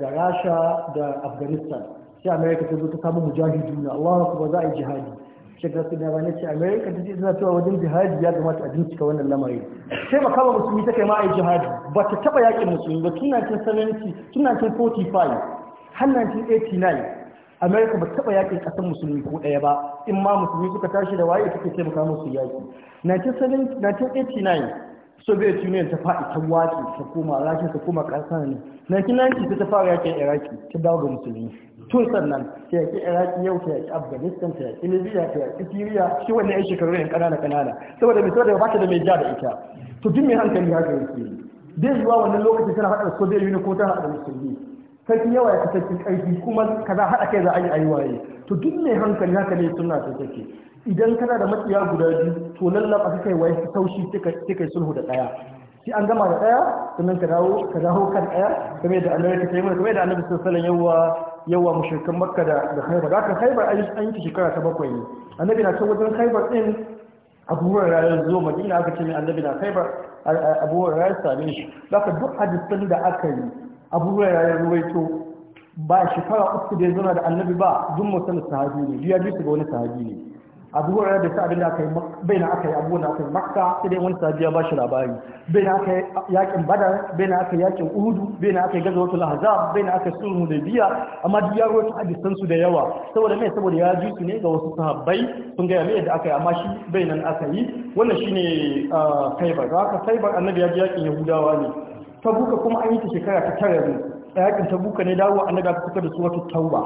da rasha da afghanistan sai america ta zo ta samu mujahiduna allahu akbar za a yi jihadi shiga su da bane ce america ta ce suna cewa wajen jihadi ya kamata a bincika wannan lamari sai ba kama musulmi ta kai ma a yi jihadi ba ta taba yakin musulmi ba tun 1970 tun 1945 har 1989 america ba ta taba yakin kasar musulmi ko daya ba in ma musulmi suka tashi da waye suke taimaka su yaki 1989 soviet union ta faɗi ta wace ta koma rashin ta koma ƙasa ne 1990 ta fara yakin iraki ta dawo ga musulmi tun sannan ta yaƙi iraki yau ta yaƙi afghanistan ta yaƙi libya ta yaƙi syria shi wannan yan shekaru ne kanana kanana saboda mai saboda ba ta da mai ja da ita to duk mai hankali haka yake bai zuwa wannan lokacin tana haɗa soviet union ko ta haɗa musulmi sarki yawa ya kasance ƙarfi kuma za haɗa kai za a yi ayi to duk mai hankali haka ne suna ta take idan kana da matsiya guda biyu to lallan a kai waye taushi taushi kai sulhu da ɗaya sai an gama da ɗaya sannan ka dawo ka dawo kan ɗaya game da annabi ka yi mana game da annabi sallallahu alaihi wasallam yawa yawa mushrikan makka da da khaibar haka ai an yi shekara ta bakwai ne annabi na can wajen khaybar din Hurairah ya zo madina aka ce mai annabi na khaibar abubuwan rayar same shi zaka duk hadisin da aka yi Hurairah ya ruwaito ba shekara uku da ya da annabi ba duk mutum sahabi ne biya bisu ga wani sahabi ne abu hurairar da sa'adin da aka yi bai na aka yi abu na aka yi makka sai dai wani sabi ba shi labari bai na aka yi yakin badar bai na aka yi yakin uhudu bai na aka yi gaza watul bai na aka yi sulhu da biya amma duk yaro ta hadisan su da yawa saboda mai saboda ya ji su ne ga wasu sahabbai sun gaya mai yadda aka yi amma shi bai nan aka yi wannan shi ne ah, khaybar za ka khaybar annabi ya ji yakin yahudawa ne Ta tabuka kuma an yi ta shekara ta tara ne yakin tabuka ne dawo annabi aka fitar da suratul tauba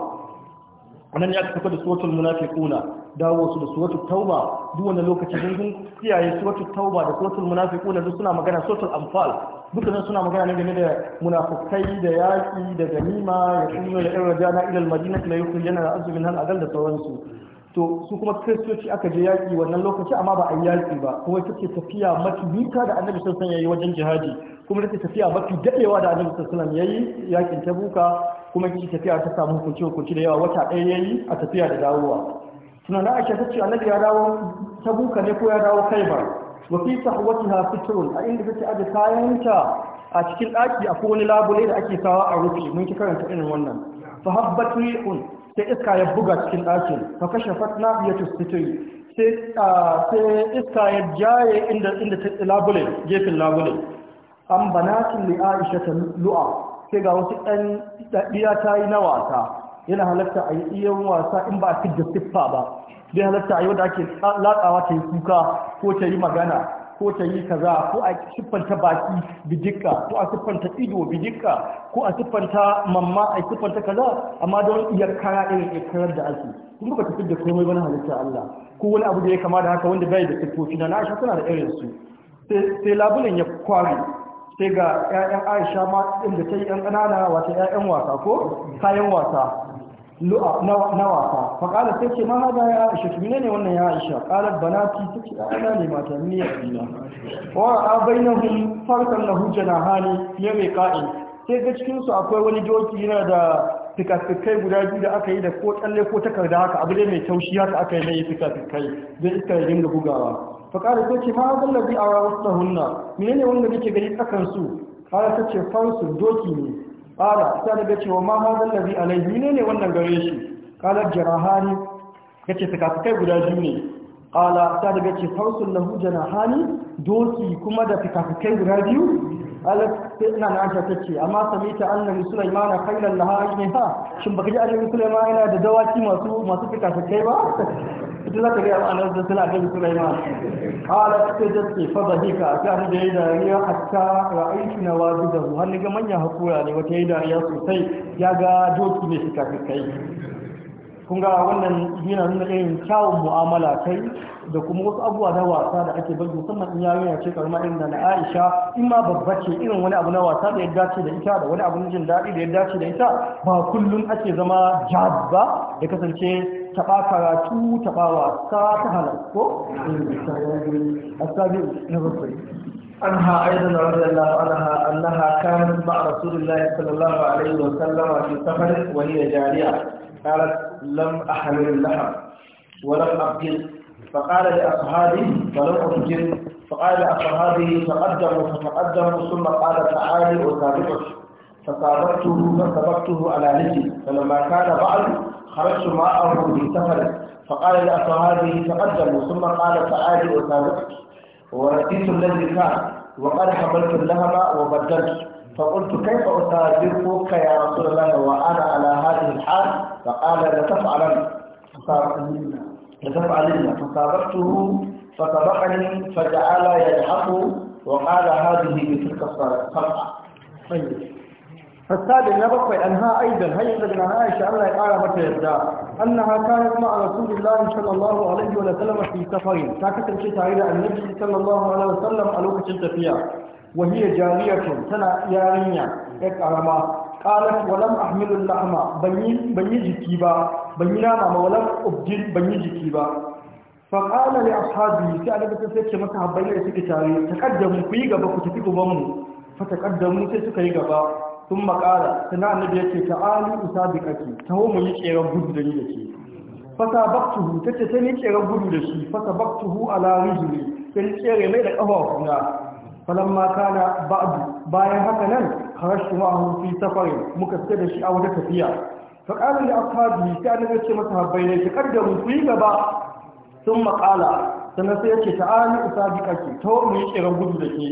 wannan ya fitar da suratul munafiquna dawo su da suratul tauba duk wannan lokacin sun kiyaye suratul tauba da suratul munafiquna duk suna magana suratul anfal dukkan suna magana ne game da munafukai da yaki da ganima ya kunyo da irin jana ila almadinati la yukhrijana al-azmin hal agal da sauransu to su kuma kristoci aka je yaki wannan lokaci amma ba a yi ba kuma take tafiya mafi nika da annabi alaihi ya yi wajen jihadi kuma take tafiya mafi daɗewa da annabi alaihi ya yi yakin tabuka kuma ita tafiya ta samu hukunci hukunci da yawa wata ɗaya yayi a tafiya da dawowa tunan aisha ta ce annabi ya dawo tabuka ne ko ya dawo kaibar wa fi sahwatiha fitrun a inda take aje kayanta a cikin daki akwai wani labule da ake kawo a rufi mun ki karanta irin wannan fa habbat sai iska ya buga cikin dakin fa kashafat nabiyatu sitri sai sai iska ya jaye inda inda ta labule gefen labule an banatin li aisha ta lu'a sai ga wasu ɗan dadiya tayi na wasa yana halatta a yi iyon wasa in ba a da siffa ba bai halatta a yi wadda ake latsawa ta yi kuka ko ta yi magana ko ta yi kaza ko a siffanta baki bijikka ko a siffanta ido bijikka ko a siffanta mamma a siffanta kaza amma don iya kara irin ikirar da ake kun ba ta da komai wani halitta Allah ko wani abu da ya kama da haka wanda bai da siffofi na Aisha tana da irin su sai labulan ya kware sai ga 'ya'yan Aisha ma inda ta yi 'yan ƙanana wata 'ya'yan wasa ko kayan wasa lu'a na wasa fa qala sai ce ma hada ya aisha to ne wannan ya aisha bana banati take ce ana ne mata ni ya dina wa a bainahum farqan lahu janahani ya mai qa'in sai ga cikin su akwai wani doki yana da fikafikai guda biyu da aka yi da ko tsalle ko takarda haka abu dai mai taushi haka aka yi mai fikafikai don iska ya dinga bugawa fa qala sai ce ma hada allazi ara hunna, menene wanda nake gani tsakan su qala sai ce farsu doki ne qala sai daga cewa ma hadal zai alayhi ne ne wannan gare shi qala jarahani yace fuka-fukai guda biyu ne Ƙala ta daga ce farsun na janahani doki kuma da fikafikai guda biyu na sami ta ce amma samita annabi na khailan laha ajniha shin baka ji annabi sulaimana yana da dawaki masu masu fikafikai ba ita za ta ga ma'anar da suna annabi sulaimana Ƙala ta dace fa bahika ta da ya yi dariya hatta na nawazidahu da ni ga manyan hakura ne wata ya yi dariya sosai ya ga doki mai fikafikai kun ga wannan yana nuna irin kyawun mu'amala kai da kuma wasu abubuwa na wasa da ake bari musamman in yaro ya ce karma irin da na Aisha in ma babba ce irin wani abu na wasa da ya dace da ita da wani abu na jin daɗi da ya dace da ita ba kullum ake zama jazba da kasance taɓa karatu taɓa wasa ta halarko asabi na bakwai عنها أيضا رضي الله عنها أنها كانت مع رسول الله صلى الله عليه وسلم في سفر وهي جارية قالت لم أحمل اللحم ولم أبجل فقال لأصحابه فلم أبجل فقال لأصحابه تقدموا فتقدموا ثم قال تعالي أتابعك فسابقته فسبقته على رجلي فلما كان بعد خرجت معه في سفر فقال لأصحابه تقدموا ثم قال تعالي أتابعك ونسيت الذي كان وقد حملت اللهم وبدلت فقلت كيف أصادقك يا رسول الله وأنا على هذه الحال فقال لتفعلن لتفعلن فصادقته فطبقني فجعل يلحق وقال هذه بتلك الصفعة طيب فالسابع نبقى أنها أيضا هي ابن عائشة الله يقال ما يبدأ أنها كانت مع رسول الله صلى الله عليه وسلم في سفر ساكت الشيء تعالى النبي صلى الله عليه وسلم ألوك فيها وهي جارية تنا يارينيا اكرما قالت ولم أحمل اللحم بني بني جكيبا بني نام ولم أبجل بني جكيبا فقال لأصحابي سأل بتسكي مصحب بين السكتاري تقدموا في غبا كتفقوا بمو فتقدموا سيسكي غبا ثم قال سنا النبي يكي تعالي أسابقك تهو من يكي ربه دني يكي فسابقته تتتني يكي ربه دشي فسابقته على رجلي sai tsere mai da ƙafafuna falamma kana ba'du bayan haka nan kharashtu ma'ahu fi safarin muka fita da shi a wata tafiya fa qala li ashabi sai annabi ce masa habbai ne ki kaddamu gaba sun maƙala sannan sai yace ta'ali usabiqa ki to mu yi kiran gudu da ke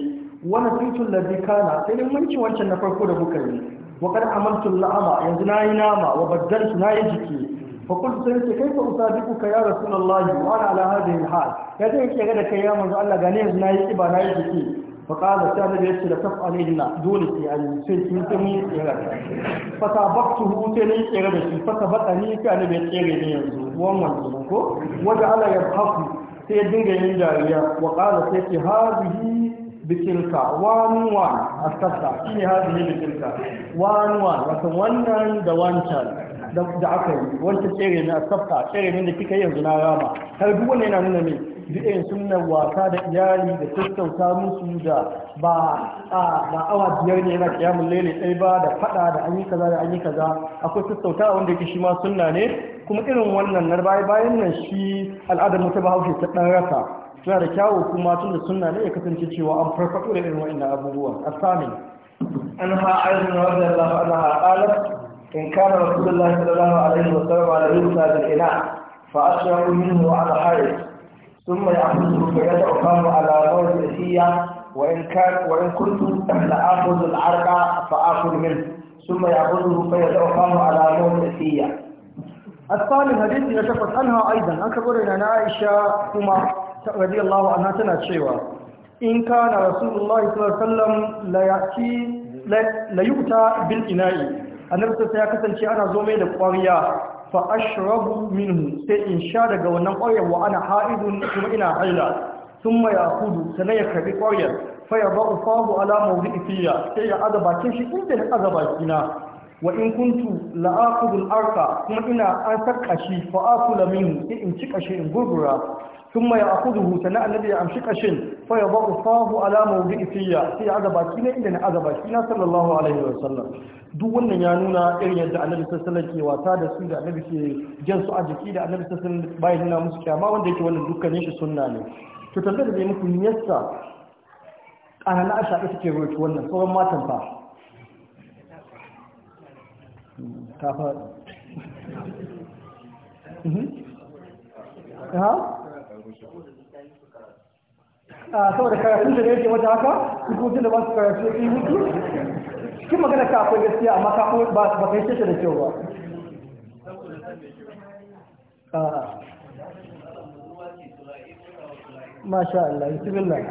wani tuntun ladhi kana sai mun ci wancan na farko da muka yi wa kad amaltu la'ama yanzu nayi nama wa baddaltu nayi jiki فقلت سيدي كيف أصادقك يا رسول الله وأنا على هذه الحال kera da kai غدا ga ne غني nayi يكبا nayi jiki فقال سأل بيش لكف عليهن دول يعني سيكين تمي إرادة فتابقته تني إرادة فتبقني كان بيش إرادة ومن ذلك وجعل يبحث سيدنك ينجاريا وقال سيكي هذه بتلك وان وان أستطع إيه هذه بتلك وان وان وكوانا دوانشان da aka yi wancan tsere na tsafta tsere ne da kika yi yanzu na rama har duk wannan yana nuna mai bi'in sunan wasa da iyali da tattauta musu da ba a awa biyar ne yana kiyamun lele ɗai ba da faɗa da an yi kaza da an yi kaza akwai tattauta wanda yake shi ma sunna ne kuma irin wannan na bayan bayan nan shi al'adar mutu bahaushe ta ɗan rasa suna da kyawu kuma tun da sunna ne ya kasance cewa an farfaɗo da irin wa'annan abubuwa sami. an ha'ayin radiyallahu anha qalat إن كان رسول الله صلى الله عليه وسلم على يوسف بالإناء فأشرعوا منه على حارث ثم يأخذه فيدعو على موضع هي وإن كان وإن كنت لآخذ العرق فآخذ منه ثم يأخذه فيدعو على موضع هي الثاني حديث يتفق عنها أيضا أنك أن عائشة كما رضي الله عنها تنشيوا إن كان رسول الله صلى الله عليه وسلم لا يأتي لا يؤتى بالإناء النبي صلى الله عليه وسلم كان زومي لقواريا fa ashrabu minhu sai in sha daga wannan ƙwaryar wa ana ha'idun kuma ina haila thumma yaqudu sanan ya karbi ƙwaryar fa yadhu fahu ala mawdi'i fiya sai ya aza bakin shi inda na aza bakina wa in kuntu la'akudun arka kuma ina an sakka shi fa minhu sai in ci kashe in gurgura ثم ياخذه سنا الذي يمشي قشن فيضع صاه على موضع فيا في عذاب كنا اذا عذاب كنا صلى الله عليه وسلم duk wannan ya nuna irin yadda annabi sassanar ke wata da su da annabi ke jan su a jiki da annabi sassanar bayan musu kyama wanda yake wannan dukkanin shi sunna ne to tabbata da zai muku niyasta a hannun a shaɗe suke rawaito wannan sauran matan fa Ah, saboda karatun da yake wata haka duk kuma da ba su karatu ya yi mutu cikin magana ka akwai gaskiya amma ka ba ba kai shi da kyau ba ah. masha Allah bismillah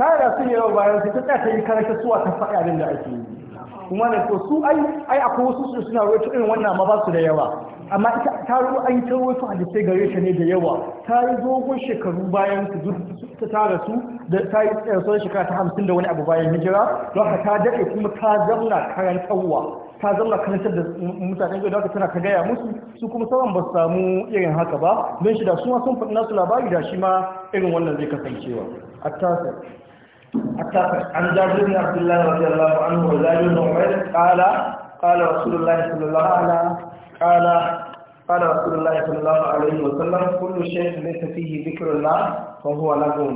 kara ne yawa bayan su ta ta yi karanta suwa ta faɗi abin da ake yi kuma ne ko su ai ai akwai wasu su suna rawaito irin wannan amma ba su da yawa amma ita ta ruwa an ta wasu hadisai gare shi ne da yawa ta yi dogon shekaru bayan su ta tara su da ta yi tsarsuwar shekara ta hamsin da wani abu bayan hijira don haka ta daɗe kuma ta zamna karantarwa ta zama karantar da mutanen da aka tana ka gaya musu su kuma sauran ba su samu irin haka ba don shi da su ma sun faɗi nasu labari da shi ma irin wannan zai kasancewa attasa attasa an jabir bin abdullahi radiyallahu anhu wa zalim bin umayr kala qala rasulullahi sallallahu alaihi wasallam qala قال رسول الله صلى الله عليه وسلم كل شيء ليس فيه ذكر الله فهو لغو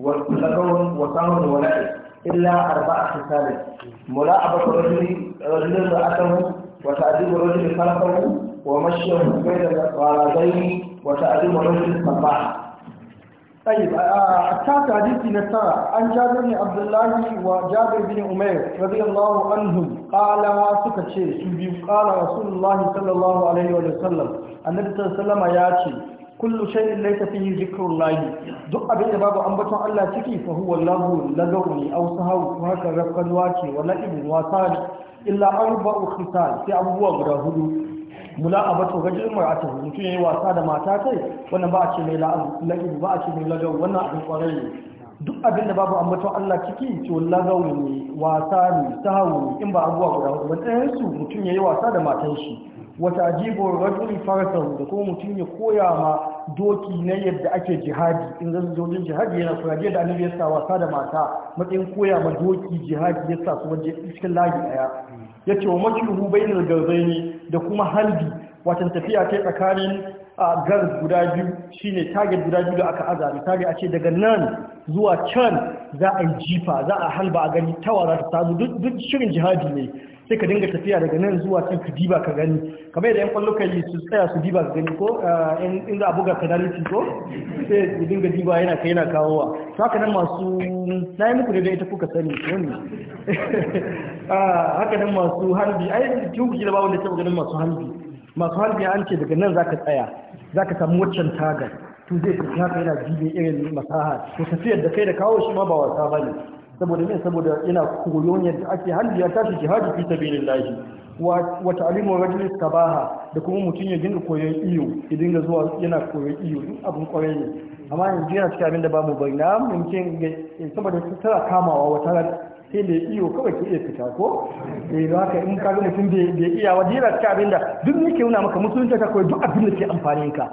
ولغو وسهو ولعب إلا أربع خصال ملاعبة رجل رجل رأته وتأديب رجل خلقه ومشيه بين الغرضين وتأديب رجل الصباح طيب التاسع حديث tara, عن جابر بن عبد الله وجابر بن عمير رضي الله عنهم قال سكتشي سبيو قال رسول الله صلى الله عليه وسلم النبي صلى الله عليه وسلم ياتي kullu shay'in laysa fihi zikrullahi duk abin da babu ambaton Allah ciki fa huwa lahu lagawni aw sahawu haka rafkanwa ce wala ibn wasali illa arba'u khisal sai abubuwa guda hudu a mula a rajul mar'atuhu mutum ya yi wasa da mata kai wannan ba a ce mai la'abu ba a ce mai la'gau wannan abin kwarai ne duk abin da babu ambaton Allah ciki to lagau ne wasa ne sahawu in ba abuwa guda hudu ba ɗayan su mutum yayi wasa da matan shi wata ajibin rajuli farsahu da kuma mutum ya koya ma doki na yadda ake jihadi in zan zojin jihadi yana kuraje da annabi ya sa wasa da mata matsayin koya ma doki jihadi ya sa su cikin layi daya ya ce wa makiruhu bainal garzaini da kuma halbi watan tafiya ta tsakanin a gar guda biyu shi ne target guda biyu da aka azari tare a ce daga nan zuwa can za a yi jifa za a halba a gani tawara ta samu duk shirin jihadi ne sai ka dinga tafiya daga nan zuwa can ka diba ka gani kamar yadda 'yan kwallo yi su tsaya su diba ka gani ko eh, in za a buga penalty ko sai su dinga diba yana kai yana kawowa su haka nan masu na yi muku da ita kuka sani ko ne ah, haka nan masu hanbi ai tun kuki da bawon da ta nan masu hanbi masu halbiya an ce daga nan za ka tsaya za ka samu waccan tagar to zai tafi haka yana jibe irin masaha Ko tafiyar da kai da kawo shi ma ba wasa ne saboda ne saboda yana koyon yadda ake ya tashi jihadi fi Wata wa ta'limu rajulin baha, da kuma mutum ya dinga koyon iyo ya dinga zuwa yana koyon iyo duk abin kwarai ne amma yanzu yana cikin abin da ba mu bari na mumkin saboda tana kamawa wata sai da iyo kawai ke iya fita ko eh don haka in ka ga mutum bai iya wa dira ta abinda duk nake nuna maka mutum ka koyi duk abin da ke amfani ka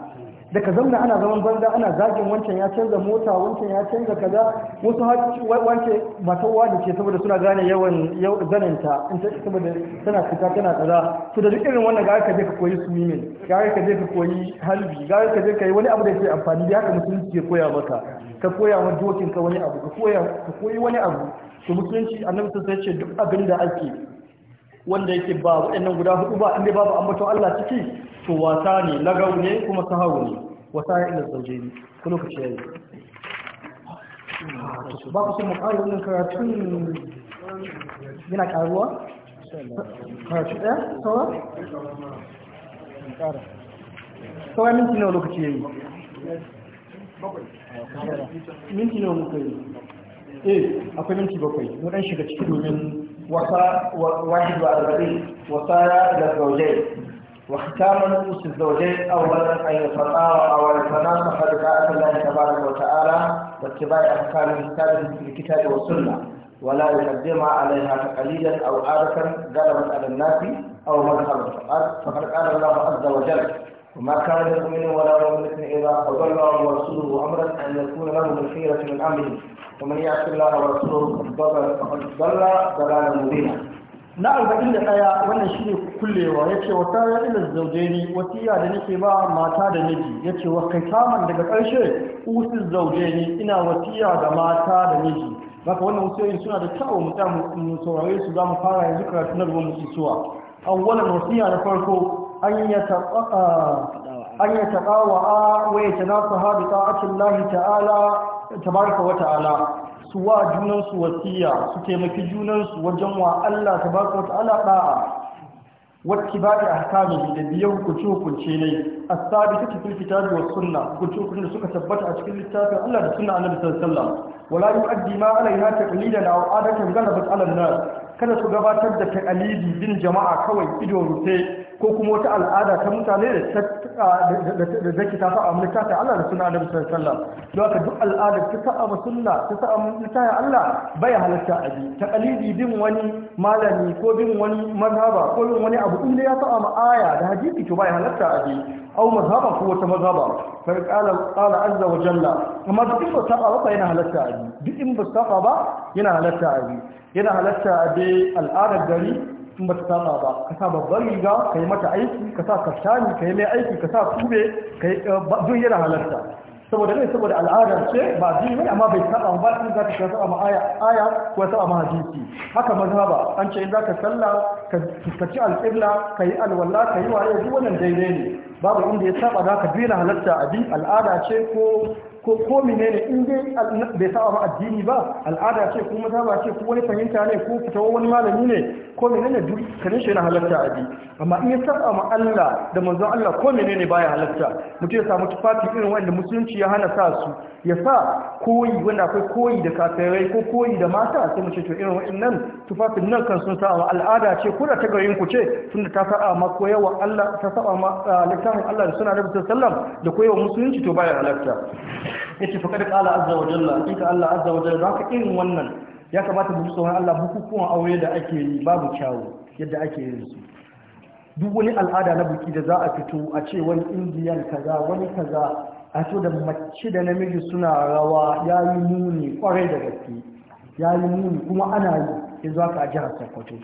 da ka zauna ana zaman banza ana zagin wancan ya canza mota wancan ya canza kaza wasu wancan matawa da ce saboda suna gane yawan zananta in ta saboda tana fita tana kaza su da duk irin wannan gari ka je ka koyi swimming gari ka je ka koyi halbi gari ka je ka yi wani abu da ke amfani da haka mutum ke koya maka ka koya ma dokin ka wani abu ka koya ka koyi wani abu to musulunci annabi sun sai ce duk abin da ake wanda yake ba waɗannan guda hudu ba inda babu ambaton Allah ciki to wata ne lagau ne kuma sahawu ne wata ya ila zauje ne ku lokaci yayi ba ku san mu ƙari wannan karatun yana ƙaruwa karatu ɗaya sawa sawa minti nawa lokaci yayi minti nawa lokaci yayi eh akwai minti bakwai mu dan shiga ciki domin wasa wahid wa arba'in wasaya ila zawjai wa khitaman us zawjay awwalan ay fatawa aw al fanasa fa da'at Allah tabaraka wa ta'ala wa tibai ahkam kitab fil kitab wa sunnah wa la yuqaddima 'alayha taqlidan aw adatan galabat 'ala an-nasi aw madhhaban faqad qala Allah azza wa jalla وما كان لمؤمن ولا مؤمنة إذا قضى الله ورسوله أمرا أن يكون لهم الخيرة من أمره ومن يعص الله ورسوله فقد ضل ضلالا مبينا na arba'in da ɗaya wannan shi ne kullewa ya ce wata ya ila zauje wasiya da nake ba mata da miji ya ce wa kai saman daga ƙarshe usul zauje ne ina wasiya da mata da miji haka wannan wasiyoyin suna da kyau mu mu saurare su za mu fara yanzu karatu na gaban mu suwa awwalan wasiya na farko an yi taɓawa a waya na su haɗu ta'acin lahi ta'ala tabaraka junansu wasiya su taimaki junansu wajen wa Allah ta'ala wacce ba ta hakami da biyan kuce-kunce ne a sabi ta cikin fitar da sunna kuce-kunce da suka tabbata a cikin littafin Allah da sunna annabi sallallahu alaihi wasallam wala yu'addi ma ala ya taqlida la a'adatan ghalabat ala nas kada su gabatar da taqalidi bin jama'a kawai ido rufe ko kuma wata al'ada ta mutane da zaki ta fa'a ta littafin Allah da suna Annabi sallallahu alaihi wasallam don haka duk al'ada ta sa'a mu sunna ta sa'a mu littafin Allah bai halatta a bi ta qalidi bin wani malami ko bin wani mazhaba ko bin wani abu inda ya sa'a ma aya da hadisi to bai halatta a bi aw mazhaba ko wata mazhaba fa qala qala azza wa jalla amma duk in ba sa'a ba yana halatta a duk in ba sa'a ba yana halatta a yana halatta a bi al'adar gari in ba ta saba ba ka sa babbar riga ka yi mata aiki ka sa kashani ka yi mai aiki ka sa kube ka yi eh, duk halarta saboda ne saboda al'adar ce ba ji ne amma bai saba ba in za ka saba ma aya ko saba ma hadisi haka ba an ce in za ka sallah ka fuskaci alƙibla ka yi alwala ka yi waye duk wannan daidai ne babu inda ya saba za ka dina halarta abin al'ada ce ko ko ko ne in dai bai saba ma addini ba al'ada ce ko ba ce ko wani fahimta ne ko fita wani malami ne ko ne duk kanin shi na halatta a bi amma in ya saba ma Allah da manzon Allah ko menene baya halarta, mutum ya samu tufafi irin wanda musulunci ya hana sa su ya sa koyi wanda akwai koyi da kafirai ko koyi da mata sai mu ce to irin wannan tufafin nan kan sun saba al'ada ce ko da ta garin ku ce tunda ta saba ma koyawa Allah ta saba ma ah, littafin Allah da suna da sallam da koyawa musulunci to baya halarta. yace fa kada kala azza wa jalla ka Allah azza wa jalla haka irin wannan ya kamata mu tsoron Allah bukukuwan aure da ake yi babu kyawu yadda ake yin su duk wani al'ada na buki da za a fito a ce wani indiyan kaza wani kaza a to da mace da namiji suna rawa ya yi muni kwarai da gaske ya yi muni kuma ana yi yanzu ka a jihar Sokoto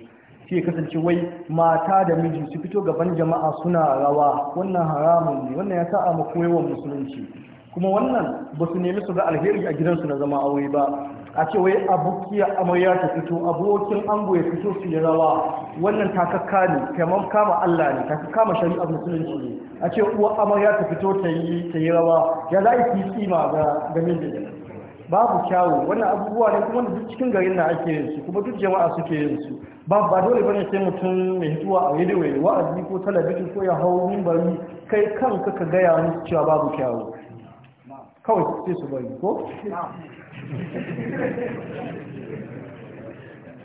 sai kasance wai mata da miji su fito gaban jama'a suna rawa wannan haramun ne wannan ya sa a koyarwar musulunci kuma wannan ba su nemi su ga alheri a gidansu na zama aure ba a ce wai abokiyar amarya ta fito abokin ango ya fito su yi rawa wannan takakka ne kamar kama Allah ne takakka ma shari'ar musulunci ne a ce uwa amarya ta fito ta yi rawa ya za a yi tsima ga gamin da babu kyawu wannan abubuwa ne kuma duk cikin garin na ake yin su kuma duk jama'a suke yin su ba ba dole bane sai mutum mai hituwa a rediyo wa'azi ko talabijin ko ya hau mimbari kai kanka ka gaya musu cewa babu kyawu kawai sai su bari ko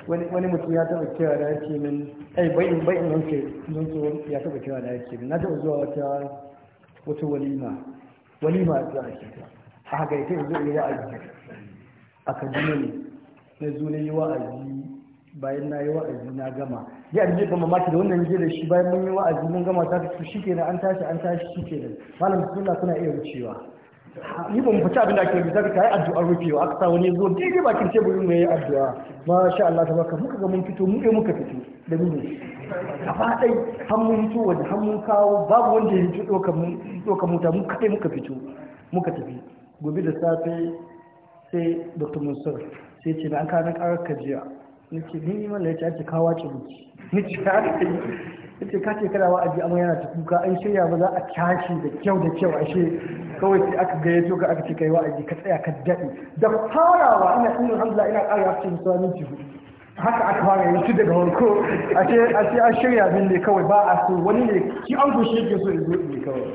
wani mutum ya taba cewa da yake min ai bai in yanke don so ya taba cewa da yake min na taba zuwa wata wata walima walima a zuwa ta a yake zo ne yi aji a kaduna ne na zo na yi wa'azi bayan na yi wa'azi na gama ya aji ga mamaki da wannan je da shi bayan mun yi wa'azi mun gama ta shi kenan an tashi an tashi shi kenan malam sunna kuna iya wucewa ba mu fita abin da ake rubuta ka yi addu'ar rufewa aka sa wani zo daidai bakin teburin mai addu'a masha Allah ta baka muka ga mun fito mu ɗaya muka fito da mu a fadai har mun fito wani har mun kawo babu wanda ya fito ɗaukar mota mu kaɗai muka fito muka tafi gobe da safe sai dr mansur sai ce na an kawo na ƙarar kajiya nake ni mallaci ake kawo ce muke ni ce ka yi ya ce kace kana wa'azi amma yana ta kuka an shirya ba za a tashi da kyau da kyau ashe kawai sai aka gayyato ka aka ce kai wa'azi ka tsaya ka daɗe da farawa ina ina hamza ina ƙara ya cikin musuwa minti haka aka fara yi shi daga wanko A ce an shirya bin ne kawai ba a so wani ne ki an kushe yake so ya zo ne kawai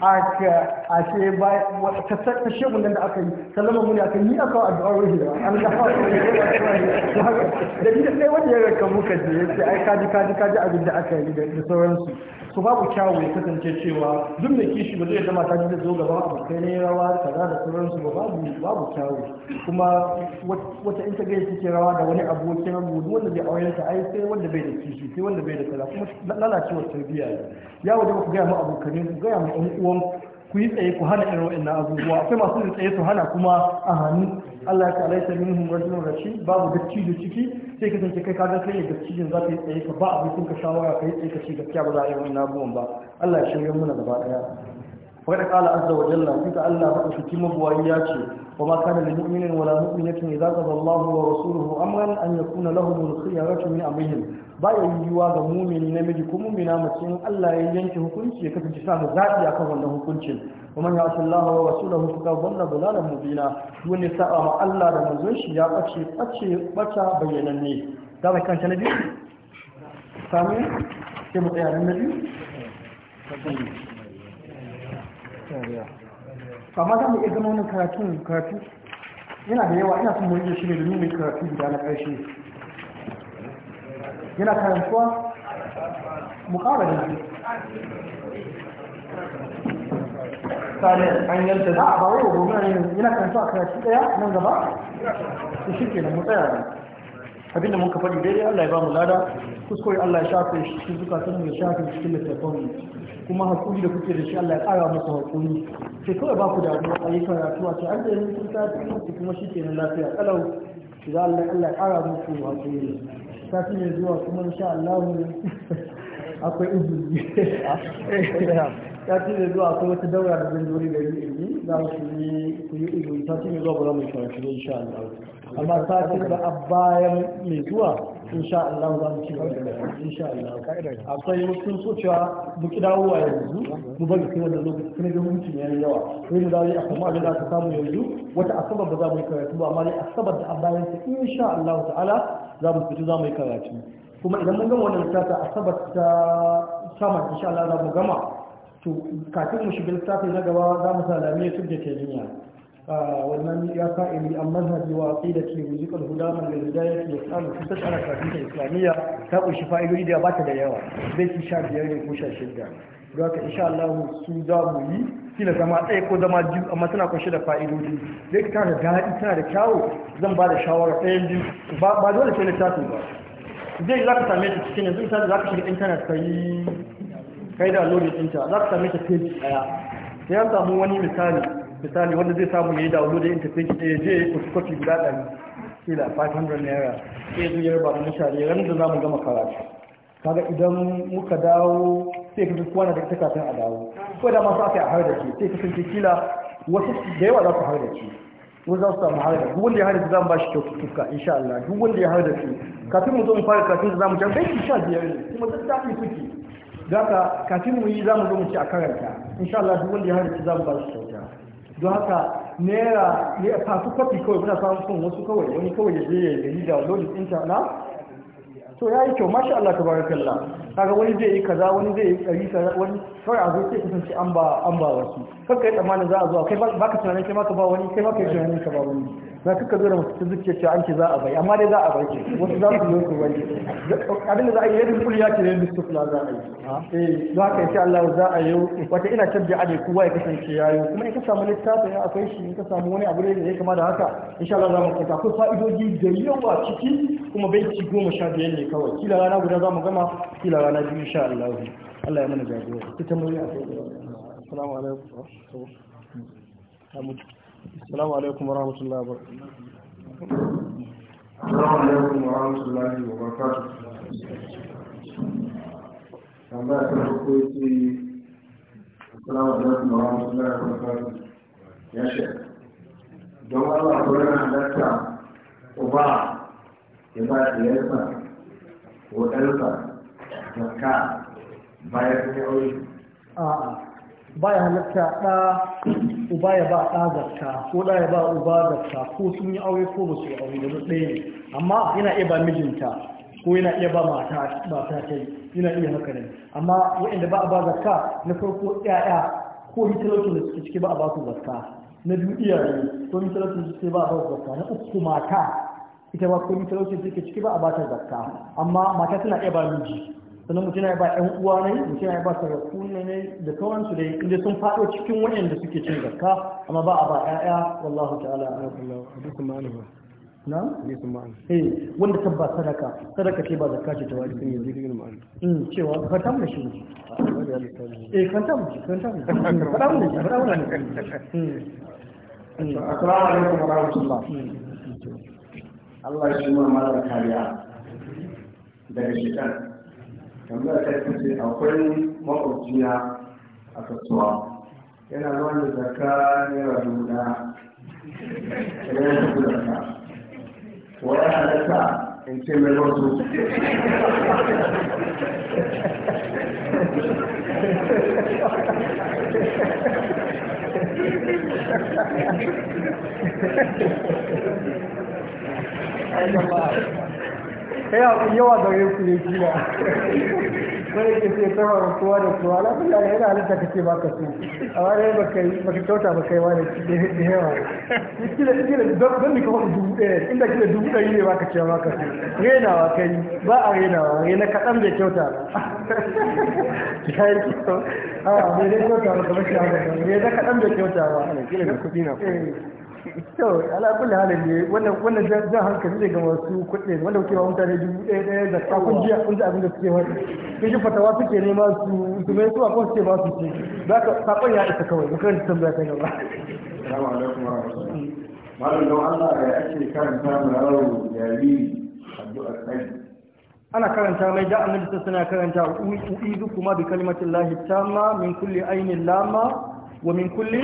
aka ashe ba ta ta shegun da aka yi sallama muni aka yi aka addu'ar ruhi an dafa ne da fara da ni da sai wanda ya raka muka je ce, ai kaji kaji kaji abin da aka yi da sauransu su babu kyawu ya kasance cewa duk da kishi ba zai zama taji da zo gaba abokai ne rawa kaza da sauransu ba babu babu kyawu kuma wata in ta ga rawa da wani abokin rubutu wanda bai auren ta ai sai wanda bai da kishi sai wanda bai da kaza kuma lalacewar tarbiyya ya wajen ku gaya mu abokanin, ku gaya mu ɗan uwa uwan ku yi tsaye ku hana irin wa'annan abubuwa akwai masu yin tsaye su hana kuma a hannu Allah ya ta'ala ta minhum rajulun rashid babu dattijo ciki sai kasance kai kaga kai dattijin za zaka yi tsaye ka ba abokin ka shawara ka yi tsaye ka ci gaskiya ba za a yi wa'annan abubuwan ba Allah ya shirya muna gaba daya وقد قال عز وجل فيك ألا فأشكي مبوائيات وما كان لمؤمن ولا مؤمنة إذا قضى الله ورسوله أمرا أن يكون لهم الخيارة من أمرهم بايا يوا ga mumini namiji ko mumina mace in Allah ya yanke hukunci ya kasance samu a akan wannan hukuncin kuma ya sallahu wa rasulahu fuka wannan bulalan mubina wani ya saba ma Allah da manzon shi ya bace bace bata ne. da bai kanta nabi sami sai mu tsaya amma za mu iya zama wani karatun karatu yana da yawa ina son mu shi ne domin mai karatu guda na ƙarshe yana karantuwa mu ƙara da shi an yanta za a ba wai gobe yanzu yana karantuwa karatu ɗaya nan gaba to shi kenan mu tsaya ne abinda mun ka faɗi daidai Allah ya ba mu lada kuskure Allah ya shafe shi cikin zukatan mu ya shafe cikin littattafan mu kuma hakuri da kuke da shi Allah ya ƙara muku hakuri sai kawai ba ku abu a yi karatuwa ce an da sun ta ku kuma shi ke nan lafiya kalau shi za Allah Allah ya ƙara muku hakuri sati ne zuwa kuma insha Allah akwai izini fi ne zuwa akwai wata daura da zan zuri da yi za shi yi ku yi izini sati ne zuwa ba za mu yi karatu insha Allah amma sati da a mai zuwa In sha Allah za mu ci gaba da in sha Allah akwai wasu so cewa mu ki dawowa yanzu mu bari sai da lokaci kuma ga mutum yayi yawa sai mu dawo a kuma abin da aka samu yanzu wata asabar ba za mu yi karatu ba amma dai asabar da abayan ta sha Allah ta'ala za mu fito za mu yi karatu kuma idan mun gama wannan littafin asabar ta sama sha Allah za mu gama to kafin mu shiga littafi na gaba za mu sa lamiya tun da ke duniya wannan ya sa fa'ili an manhaji wa aqidati musiqal hudama lil hidayati wa sa'al fi tasara kafita islamiyya ta kunshi fa'idodi da bata da yawa zai ki sha biyar ne ko sha shida don haka insha Allah su za mu yi na zama ɗaya ko zama biyu amma tana kunshe da fa'idodi zai ta da daɗi tana da kyawu zan ba da shawara ɗayan biyu ba dole sai littafin ba zai za ka same ta cikin yanzu misali za ka shiga intanet ka yi kai da lori ɗinta za ka same ta page ɗaya sai an samu wani misali misali wanda zai samu ya yi dawo da interface ɗaya je ya kwafi guda ɗari kila 500 naira sai zuwa ba da mutane ranar da za mu gama karatu kaga idan muka dawo sai ka duk wani da ta kafin a dawo ko da masu aka yi a har da ke sai kasance kila wasu da yawa za su har da ke ko za su samu har da duk wanda ya har da zan ba shi kyaututtuka insha Allah duk wanda ya har da ke kafin mu zo mu fara kafin zamu jan bai insha biyar ne kuma duk ta fi kuke zaka kafin mu yi zamu zo mu ci a karanta insha Allah duk wanda ya harda shi zamu ba shi kyauta don haka naira ya fasu kwafi kawai muna samun wasu kawai wani kawai ya je ya yi da lodin intanet to ya yi kyau mashi Allah ta bari kalla kaga wani zai yi kaza wani zai yi kari kaza wani kawai a zo sai kasance an ba an ba wasu kanka yi tsammanin za a zuwa kai ba ka tunanin kai ma ka ba wani kai ma ka yi tunanin ka ba wani na kaka zo da mutum zuciya cewa an ce za a bai amma dai za a bai wasu za su zo su bai abin da za a yi yadda kuli ya ce ne bisu kula za a yi eh za ka yi Allah za a yi wata ina tabbi a ne kowa ya kasance ya yi kuma in ka samu littafi ya akwai shi in ka samu wani abu da ya kama da haka insha Allah za mu kanta akwai fa'idoji da yawa ciki kuma bai ci goma sha biyar ne kawai kila rana guda za mu gama kila rana biyu insha Allah Allah ya mana jagora ita tambayi a kai assalamu alaikum assalamu alaikum wa rahmatullahi wa barakatuh assalamu alaikum wa rahmatullahi wa barakatuh tambaya ta farko ce assalamu alaikum wa rahmatullahi wa barakatuh ya shi don Allah ko yana halatta uba ya ba da yarsa ko ɗansa zakka bayan ya aure a'a baya halatta ɗa uba ya ba ɗa zakka ko ɗa ya ba uba zakka ko sun yi aure ko ba su yi aure da ɗaya ne amma yana iya ba mijinta ko yana iya ba mata ta kai yana iya haka ne amma waɗanda ba a ba zakka na farko ɗaya ko hitalautu da suke ciki ba a ba su zakka na biyu iyaye ko hitalautu da suke ba a ba su zakka na uku mata ita ba komai talaucin take ciki ba a bata zakka amma mata suna iya ba miji sannan mutum ya ba ɗan uwa ne mutum ya ba sarrafu ne da sauransu dai inda sun faɗo cikin waɗanda suke cin zakka amma ba a ba ƴaƴa wallahu ta'ala a'lam hadisin ba na ma'ana eh wanda sadaka sadaka ce ba zakka ce ta wajibi ne yanzu ma'ana cewa ka tamna shi eh kan mu, shi kan tamna ka tamna mu. ka assalamu alaikum Allah shi ma mara kariya daga shekar tambayar ta kace akwai makwabciya a kasuwa yana zuwa da zaka naira dubu daya da ya tafi zaka wani halatta in ce mai wasu kai haƙun yawa da wani ku ne kila wani ke sai sama wa kowa da kowa na kuma yana halitta ka ce baka so a wani ne kai ba ka kyauta ba kai wani da yawa kila kila don bi ka wani dubu ɗaya inda kila dubu ɗari ne baka cewa baka so renawa kai ba a wa rena kaɗan bai kyauta ba ya yi kyauta a bai kyauta ba kamar shi haka rena kaɗan bai kyauta ba kila da kuɗi na to ala kulli hankali ne ga masu wanda kuke ba mutane dubu ɗaya za ka ya isa kawai karanta mu ana karanta mai da annabi suna karanta uizu kuma bi kalimatin lahi tamma min kulli ainin lama wa min kulli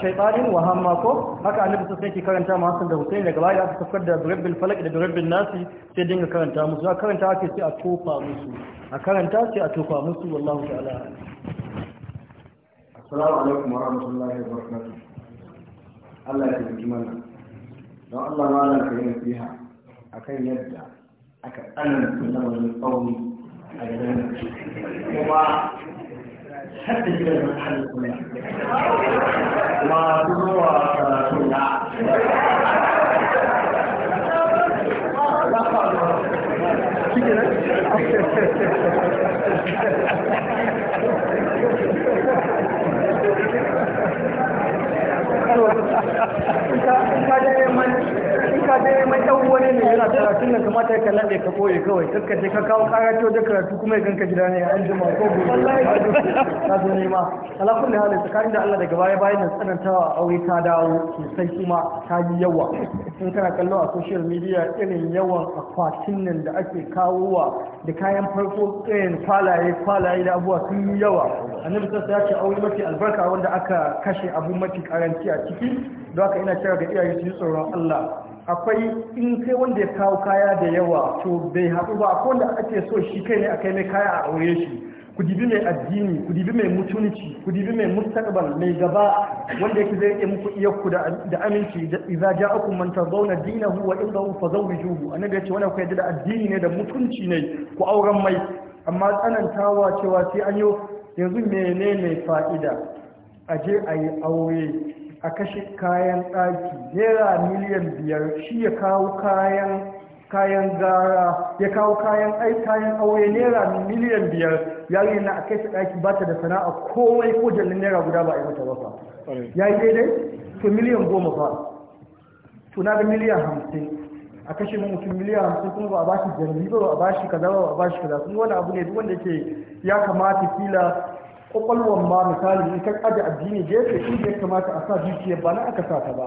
shaytanin wa hamma ko haka annabi sai yake karanta ma Hassan da Hussein daga baya aka tafkar da rabbil falaq da rabbil nasi sai dinga karanta musu aka karanta ake sai a tofa musu a karanta sai a tofa musu wallahu ta'ala assalamu alaikum wa rahmatullahi wa barakatuh Allah ya tabbaki mana don Allah ma na kai nasiha akan yadda aka tsananta wani tsauni a gidan kuma hadda gidan nan halin kuma masu na Kalau kita kita mana ka dai mai dan wani ne yana karatun nan kamata ka labe ka koye kawai kakka sai ka kawo karato da karatu kuma ya ganka gida ne an jima ko gobe ka zo ne ma ala halin tsakanin da Allah daga baya bayan tsanantawa aure ta dawo sosai kuma ta yi yawa in kana kallo a social media irin yawan akwatin nan da ake kawowa da kayan farko irin kwalaye kwalaye da abuwa sun yi yawa annabi sassa ya ce aure mafi albarka wanda aka kashe abu mafi karanci a ciki don haka ina kira ga iyaye su yi tsoron Allah akwai in kai wanda ya kawo kaya da yawa to bai haɗu ba akwai wanda ake so shi kai ne a kai mai kaya a aure shi ku dibi mai addini ku dibi mai mutunci ku dibi mai mustaqbal mai gaba wanda yake zai yi muku ku da aminci idza ja'akum man tardawna dinahu wa illahu fazawijuhu annabi yace wannan ku yadda da addini ne da mutunci ne ku auren mai amma tsanantawa cewa sai an yi yanzu menene fa'ida a je a yi aure a kashe kayan ɗaki naira miliyan biyar shi ya kawo kayan kayan gara ya kawo kayan ai kayan aure naira miliyan biyar yari na a kashe ɗaki ba ta da sana'a komai ko jallin naira guda ba a yi mata ba fa ya yi daidai to miliyan goma fa to na da miliyan hamsin a kashe mu mutum miliyan hamsin kuma ba a bashi jalli ba ba a bashi kaza ba ba a bashi kaza kuma wani abu ne duk wanda ke ya kamata kila kwakwalwan ma misali in kan aje addini gefe shi ya kamata a sa dukiyar ba na aka sa ta ba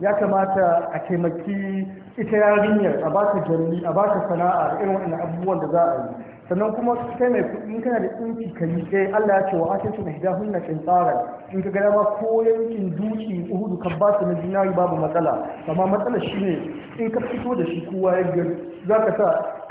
ya kamata a taimaki ita yarinyar a ba ta jalli a ba ta sana'a da irin wannan abubuwan da za a yi sannan kuma kai mai kuɗi in kana da inci ka yi eh Allah ya ce wa atatu hunna kin tsara in ka gada ma ko yankin duki uhudu ka ba su na dinari babu matsala amma matsalar shine in ka fito da shi kowa ya ga ka sa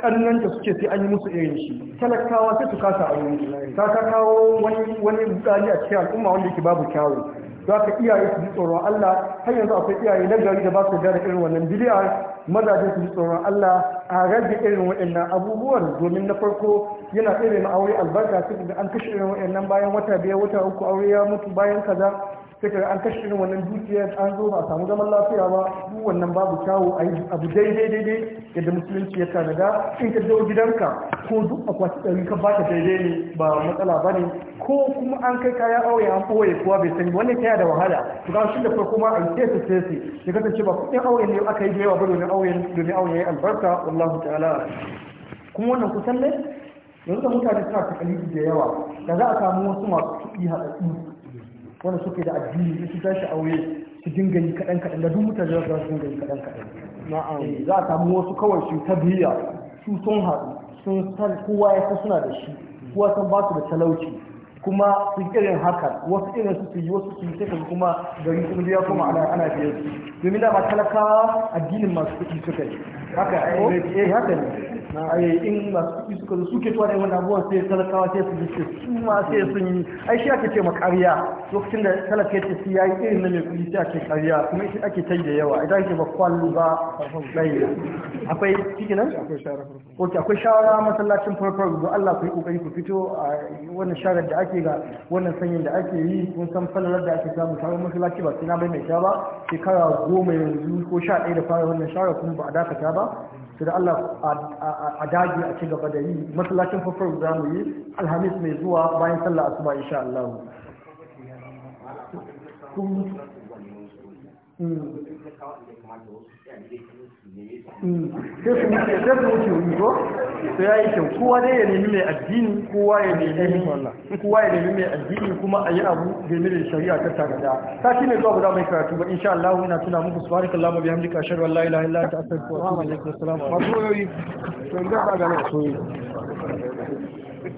ƙannanta suke sai an yi musu irin shi talakawa sai su kasa a yi ta ta kawo wani rudani a cikin al'umma wanda yake babu kyawu za ka iyaye su ji tsoron Allah har yanzu akwai iyaye na gari da ba su da irin wannan bidiyar mazaje su ji tsoron Allah a rage irin waɗannan abubuwan domin na farko yana tsere ma aure albarka sai da an kashe irin waɗannan bayan wata biyar wata uku aure ya mutu bayan kaza sai ka an kashe irin wannan dukiya an zo ba a samu zaman lafiya ba duk wannan babu kyawu a yi abu daidai daidai yadda musulunci ya da in ka zo gidanka ko duk akwati ɗari ka baka daidai ne ba matsala ba ne ko kuma an kai kaya auya an ɓoye kuwa bai sani wannan kaya da wahala to ga shi da farko ma an kesa kesa ya kasance ba kuɗin auyen ne aka yi da yawa ba domin auyen domin auyen ya albarka wallahu ta'ala kuma wannan kusan ne yanzu da mutane suna takalifi da yawa da za a samu wasu masu kuɗi haɗaɗɗu wanda suke da addini su tashi aure su dinga yi kaɗan kaɗan da duk mutane za su dinga yi kaɗan kaɗan eh, za a samu wasu kawai su ta biya su sun haɗu sun san kowa ya suna da shi kowa san ba su da talauci kuma su irin haka wasu irin su su yi wasu su yi sai kuma gari kuma ya kuma ana ana fiye su domin da ba talakawa addinin masu kuɗi suka yi haka eh, oh. eh haka ne in masu kuɗi suka zo suke tuwa da wannan abubuwan sai talakawa sai su yi su ma sai sun yi ai shi ake ce ma ƙarya lokacin da talaka ya ce ya yi irin na mai kuɗi sai ake ƙarya kuma ita ake ta da yawa idan ke ba kwallo ba akwai ciki nan akwai shawara masallacin farfar ga Allah ku yi kokari ku fito a wannan sharar da ake ce ga wannan sanyin da ake yi kun san falalar da ake samu shawarar masallaci ba sai na bai mai sha ba shekara goma yanzu ko sha ɗaya da fara wannan shawara kuma ba a dakata ba su da Allah a daji a ci gaba da yi masallacin farfar za mu yi alhamis mai zuwa bayan sallah asuba insha Allah hmm. sai su wuce sai su wuce ya yi kyau kowa dai ya nemi mai addini kowa ya nemi mai addini kuma a yi abu game da shari'a ta da. ta shi ne zuwa guda mai karatu ba insha Allah ina tuna muku subhanakallah wa bihamdika ashhadu shari'a la ilaha illa anta astaghfiruka wa atubu ilaik assalamu alaikum to ga ga ne